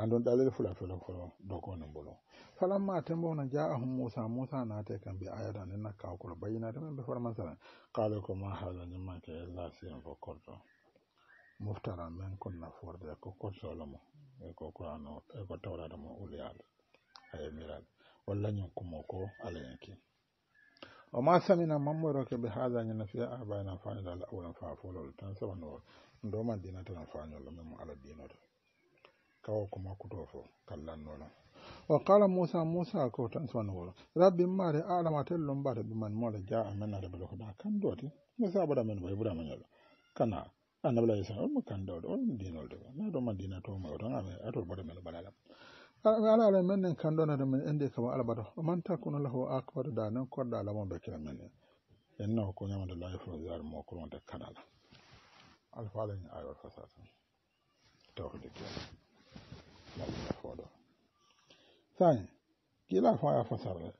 an ɗon ɗalel fula fela folo doko nen bolo falan ma tembo na ja ahum musa musa na te kan bi ayata ne na kaw kolo bayina te be farman sana qala ko ma hada ni ma ke la sin fo korto muftara men kon na forde ko korto lomo e ko qur'ano e ko tawrata mo uliyal ay miral Wala nyon kumo ko alayanki وما سمينا ممروك بهذا ينفي أبانا فاعل الأول فاعفول التنسب النور دوما دينا تنفعني الله ممو على الدين كوكما كتوفو كلا النور وقال موسى موسى كو تنسب النور ربي ماري أعلم تلهم بار بمن مولا جاء من رب الخدا كان دوتي موسى بدا من بي بدا من يلا كان أنا بلا يسعر مكان دوتي ومن دين الدين دوما دينا تومو تنعمي أتول بدا من بلالم ala ala men nen kandona ɗum en inde kama alabado o manta kono lahu akbaru da nen korɗa alamon bekkira men enno ko ñamade layi fo yar mo ko wonde kanala alfaalañ ayol fasata tawhidi ke laɓa foɗo sani kila fo aya fasarle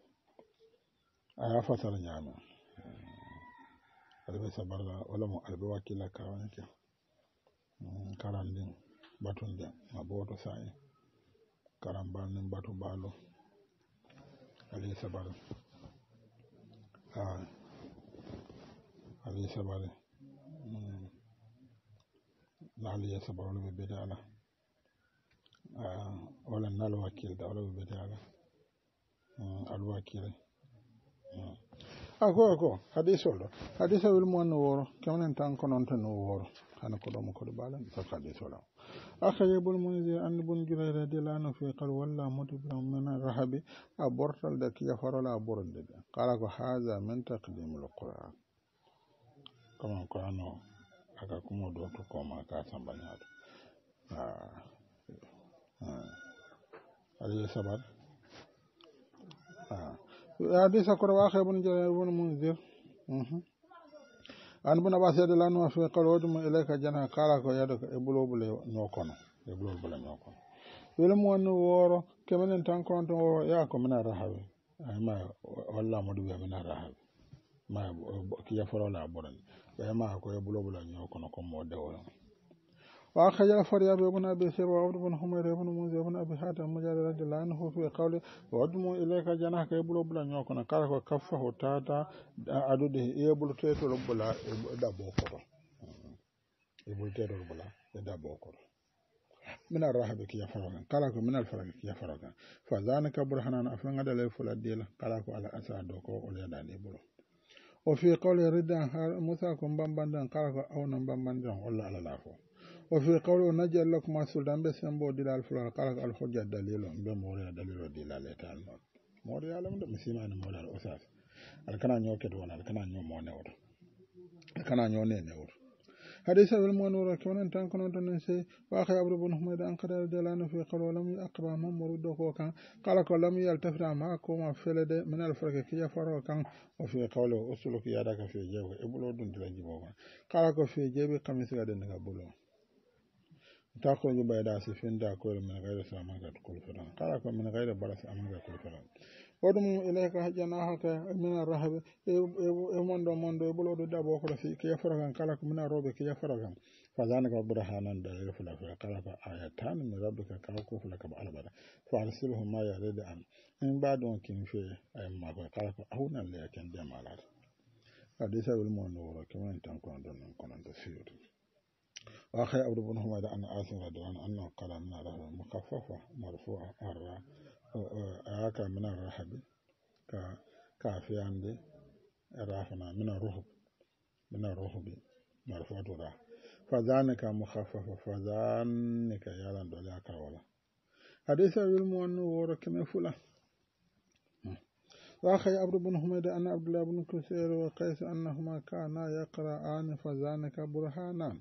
aya fasara ñaami aɗaɓe sabarla walla mo aɗaɓe wakkilla kawanke mm, karandin batun nden ma boto sayi karamba nin batu balo alay sabari a ah. alay sabari hmm. naali ye sabari olu be bede wala naali wakkilde ala be bede ala alu wakil a hmm, ko hmm. ah, ko hadise hadisa ɗo hadise wel mu an no woro kewnen tan ko noon tan no xana ko doomu ko du baalam safaat bi soo daw ak xëy bul mun di ànd bun gi lay di na fii xel wala mot bi am mën a raxa da a bortal de ki yafaro laa boron de bi xaara ko xaaza men tax di mu la kura comme ko ano ak ak mu dootu ko ma kaa sa bañaat waaw sabar waaw waaw di sa kura waa xëy bun gi mun di an buna ba seede lan ma fi kala woduma ilayka jana kala ko yaade ko e bulobule ñokono e bulobule ñokono welum wonni wooro kemenen tan konto o yaa ko ma wallamo ɗum wiya mina rahawi ma kiya forola borani ɓe ma ko وأخرج الفريع بن أبي سير وعبد بن حمير بن منذر بن أبي حاتم مجاري رضي الله عنه في قوله وأدمو إليك جناحك يبلو بلا نيوكنا كارك وكفه تاتا أدوده يبلو تيتو لبلا دابو كرو يبلو تيتو لبلا دابو كرو من الرهب كي يفرغ كارك من الفرق كي يفرغ فذانك برهنان أفن غدل يفل الديل كارك على أسعدوك وليا دان يبلو وفي قوله ردان موسى كم بمبندان كارك أو نم بمبندان والله على العفو وفي قول نجعل لكم سلطان بسنبو دلال فلان قالك الحجة دليل بموريا دليل دلال تعالى موريا لم مسيما موريا الأساس الكنا نيو كدوان الكنا نيو مونور الكنا نيو نينور حديث أبو المنور كون تان كون تان سي واخي أبو بن حميد أن قدر دلان في قول لم أقرأ من مرد وكان قال قال لم يلتفت معكم فلد من الفرق كي فرق كان وفي قوله أسلك يدك في جيبك إبلو دون دلان جيبوك قال في جيبي قميص غدن بلو da takoji bayda si finda koyre min gayre so amagat kulfiran kala ko min gayre bara so amagat kulfiran waɗum ilayka hajjanahaka mina rahabe e, e, e mondo mondo e ɓoloɗo dabo koto fi ke yafora kan kala ko mina roɓe ke yafora kan fa zanaka ɓura da e fula fe kala ko aya tan mi rabbika kala ko fula kaba alabada fa arsilhu ma yarede an in ba don kin ma ayemmako kala ko awnalle a ken da adi sawel mo no wuro kemen tan kono ɗon non da fiwtu وأخي أبو بن هو أن آثم رضي الله أنه قال من الرحب مخففة مرفوعة أرى آك من الرحب كافي عندي رافنا من الرهب من الرهب مرفوعة راه فذانك مخففة فذانك يالا دولي أكرولا حديث أبو المؤمن وورك مفولا وأخي عبد بن حميد أن عبد الله بن كثير وقيس أنهما كانا يقرأان فذانك برهانان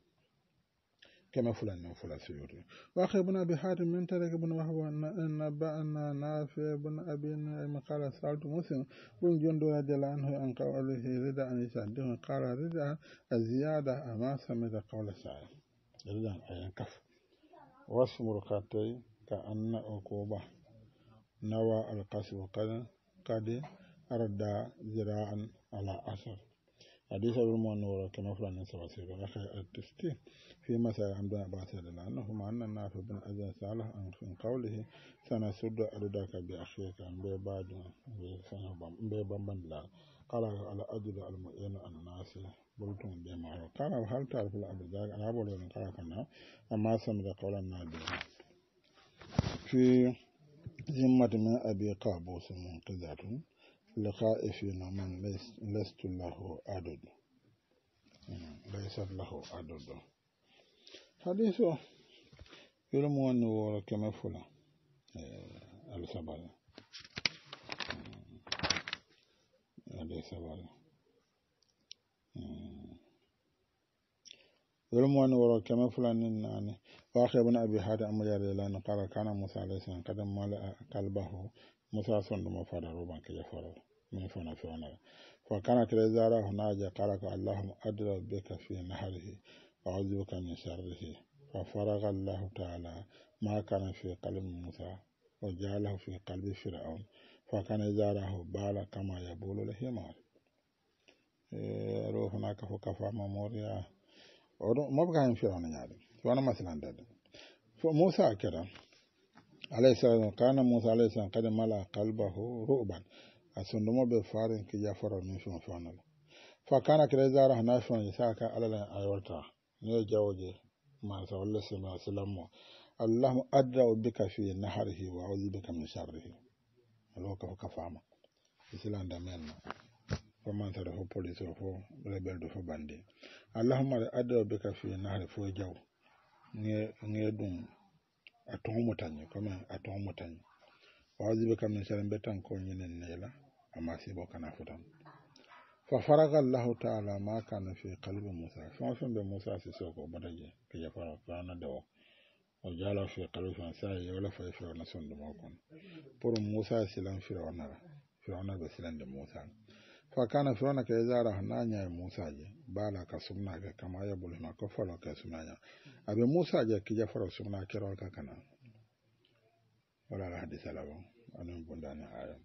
كما فلان وفلان سيوتي وأخي ابن أبي حاتم من ترك ابن وهو أن نبأنا نافع بن أبي نعيم قال سألت مسلم بن جند رضي الله عنه أن قوله رضا أن يشهده قال رضا الزيادة أما سمد قول سعيد رضا أن كف واسم رقاتي كأن أقوبة نوى القصر قد قد أردى ذراعا على أثر Adiusa dama yanzu a kema filanan sa wasu yadda na kai artiste fi masa al'adun a basu yadda na kuma na na a fahimci ajiye da sa al'adun a mafi kawun lihi sana'a su a kabi'a ka ina da ba da mu fahimci a kan sanya da ban da la al'adun a kai da na a cika a kai ta al'adun da na bai sani da kawun da a biya a kai ta na a ma sami da kawun da na a Fi yimma ta man kawo bosen mun ta jiyatu. Likaha u fi na man lestu na hukadu da sadin adadu da sadin la kufa adadu da sadin la kufa adadu wani ne kemefula alisabar adisabar yalimu wani kemefula anan wakai abu ya karya amadu ya karya yana kala kala kala kala. musa son ɗum o fada roban keje fara min fana fona fewnere fa kana kira zara hunaja qala ko allahuma adra bika fi naharihi wa audubuka min sharrihi fa faraga allahu taala ma kana fi qalbi musa wa jaalahu fi qalbi firaun fa kana zarahu bala kama ya bolo yabulu lhimar aɗo eh, hunaka fo kafama moriya oɗo mabga hen firaun wani wana masilantede fo musa kira. alayhi salam kana musa alayhi salam kada mala qalbahu ru'ban asundumo be farin ki jafaro min fon fonal fa kana kira zara hana fon isaka alala ayorta ne jawoje ma sa wallahi sallallahu alaihi wasallam allahumma adra'u bika fi nahrihi wa a'udhu bika min sharrihi aloka ka fama islam da men man ta fo police fo rebel do fo bande allahumma adra'u bika fi nahri fo jaw ne ne dum a tuhumu tanyi kama a wa tanyo wajibi kam min seren betan ko a neela amma sibo kana futan fa faraga allahu taala ma na fi qalbi musa feŋo feŋ be musa sisoo ko bada je ke jafara kana dewo o jala fi qalbi fa sa yewla faye fewna sondumo kono pour musa silan da la firawna be da musa fakana firona ke zara na nya musa je bala ka sumna ga kama ya bulma ko folo ka sumna abe musa je ki ja foro sumna ke ka kana wala la hadisa la bon anan bunda na aya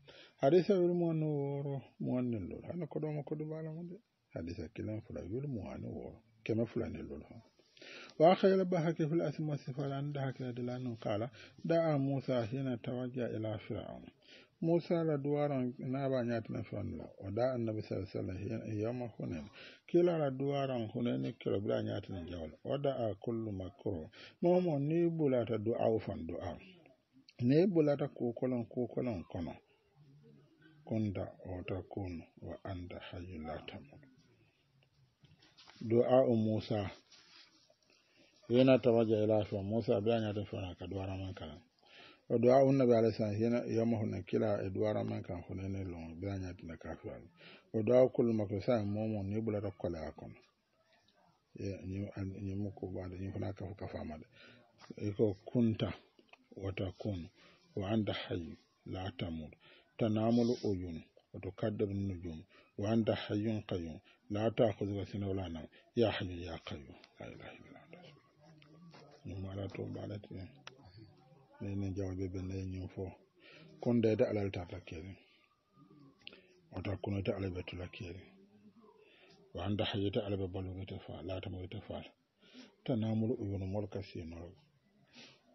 hadisa wil mo no woro mo nen lo hana ko do mo bala mo de hadisa kilan fula wil mo hana woro kema fula ne lo وأخير بحك في الأسماء فلان دهك دلان قال دعا موسى حين توجه ila فرعون musa la duwaron nya tana fenla o da annabi sala sallam yamma hunain kila la duwaron kira bra nya tana jawal o da a kullu makro momo ni bulata du'aw fan du'a ne bulata kukolon kukolon kono konda o kun wa anda hayu du'a o musa yana tawaja ila fa musa bila ñatina fenla ka duwaron kan o duwa un nabi alayhi salam yana yamo hono kila a duwara man kan hono ne lon birañatina kafi ala o duwa kullu makko sa momo ni ɓulata kole a kono ñimu ko ɓaade ñim fana kafu kafamade iko kunta wata kun wa anda hayyu la tamud tanamulu uyun wato kaddar nujum wa anda hayi qayyum la ta'khudhuka sinatun wala ya ya la nene jawabe ɓe nayi ñin fo kondede alal tata keeri wata kunote ala ɓe tula keeri wa anda hayete ala ɓe balugete fa latamoyete faala tanamol uyuno mol kasinol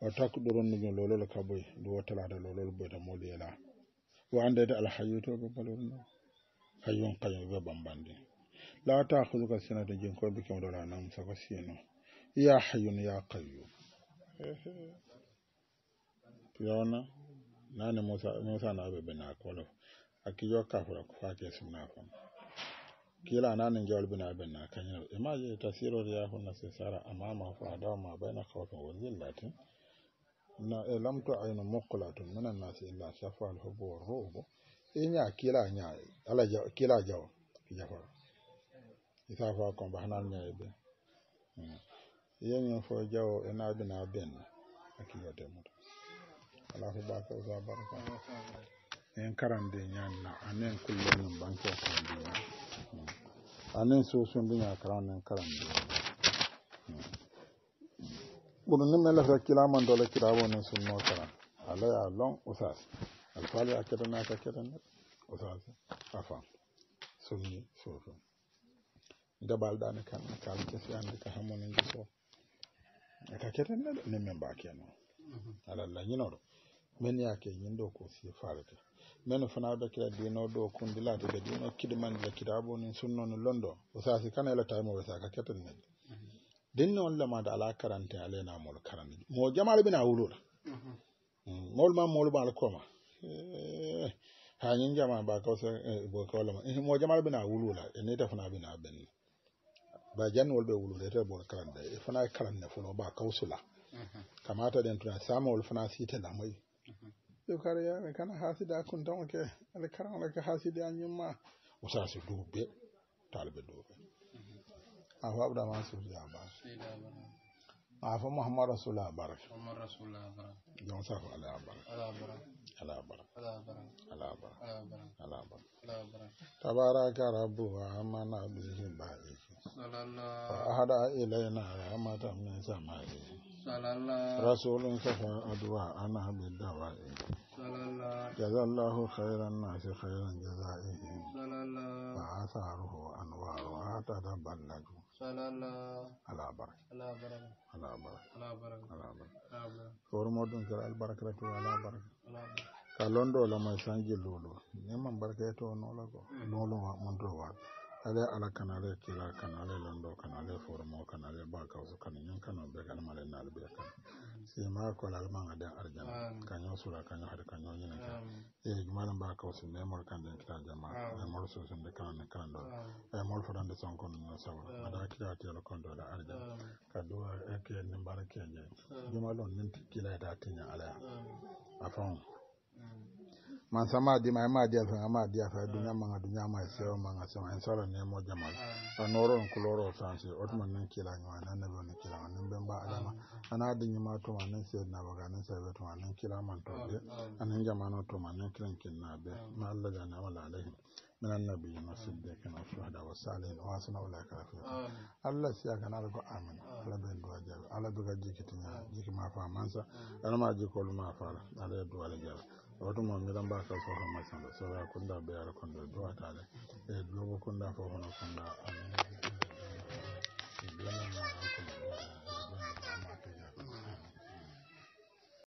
wata ko ɗoronnuño lolol kaboy ɗu wattalata lolol boyta da yela wa andede ala hayetoɓe balurno hayyon kañum ɓe bambandi laata huluka sinata jinkoɓe kemɗola nam sago sino ya hayyun ya kayu piona nane musa musa na ɓe na kolo akijo kafura ko fake na kon kila nane jawal bena benna kañum e maji tasirol yahunna si sara amama fa dawma bayna kawfin wo zillatin na e lamto ayno mokkulatun minan nasi illa safa al hubbu wa rubu e ña kila ña ala jaw kila jaw jaforo isa fa kon bahnan ñaye hmm. ɓe yeñin fo jawo e naɓina benna akijote muta ala ko ba ko za barka en karande na, anen kullen banko ne anen so so dunya karanen karande bunu ni mela fa kila man dole kira wonen sunno kara ala ya lon usas alfali akata na ta ne. usas afa sunni so so dabal dana kan kal kesi ande ka hamon ne, so ka kiran ne ne men ba kenan mhm. ala la ñinoɗo men yake yindo ko si farete men fana da kira dino do kundila de dino kidman la kitabo ni sunno ni londo o sasi kana la taymo mm-hmm. be saka ketan ne dinno on lama da ala karanta ale na mol karani mo jamal bina wulula mm-hmm. mm, mol ma mol al koma eh, ha nyin jama ba ko se eh, bo ko lama eh, mo jamal bina wulula ne ta fana bina ben ba jan wol be wulula ta bo karande fana karande fulo ba kausula mm-hmm. kamata den tuna samu wol fana sita lamai ya ne kana haasida kuntanke ala karaŋola ka haaside a ñimma wotaasi duuɓe taaliɓe duuɓe a fo abdama surja bar a fo mouhamad rasul a barake jon safo ala a barake alabara alabara tabaraka rabbu wa amana bihi bariki wa ahada ilaina rahmatan min samai rasulun kafa adwa ana bi bidawa'i jazallahu khairan nasi khairan jazaihi wa atharuhu anwaru wa tadabbalatu alabara alabara alabara alabara alabara alabara alabara alabara alabara alabara alabara alabara ka londo la ma shangi lulu ne mambar ke to no la ko mm. no lo wa mon to wa ala ala kanale kila kanale londo kanale formo kanale baka su kan yin kano be kan malen na albe kan sai ma ko la man ga arjan kan yo sura kan har kan yo yin kan e eh, jumalan ba ka su ne mor kan den kila jama e mor su sun de kan kan do e eh, mor fodan de son kon no sawa ada kila ti eh, lo kon do da arjan ka do e ke nin barake je jumalon nin ti kila da tinya ala afan man sama di ma dia sa ma dia sa dunya ah. manga dunya ma sero manga sama en sara ne mo jamal ta ah. noro kuloro nan kila nan ne bon kila ah. nan ba ana ma to man nan sed na baga nan sa beto man nan kila man to be anan jamano to nan kin na be ma Allah ga na wala alaihim من النبيين والصديقين والشهداء والصالحين وحسن wotumo miɗon ba ka da masanda sora kunda beyara konda da e duwobo kunda ko eh, kunda amin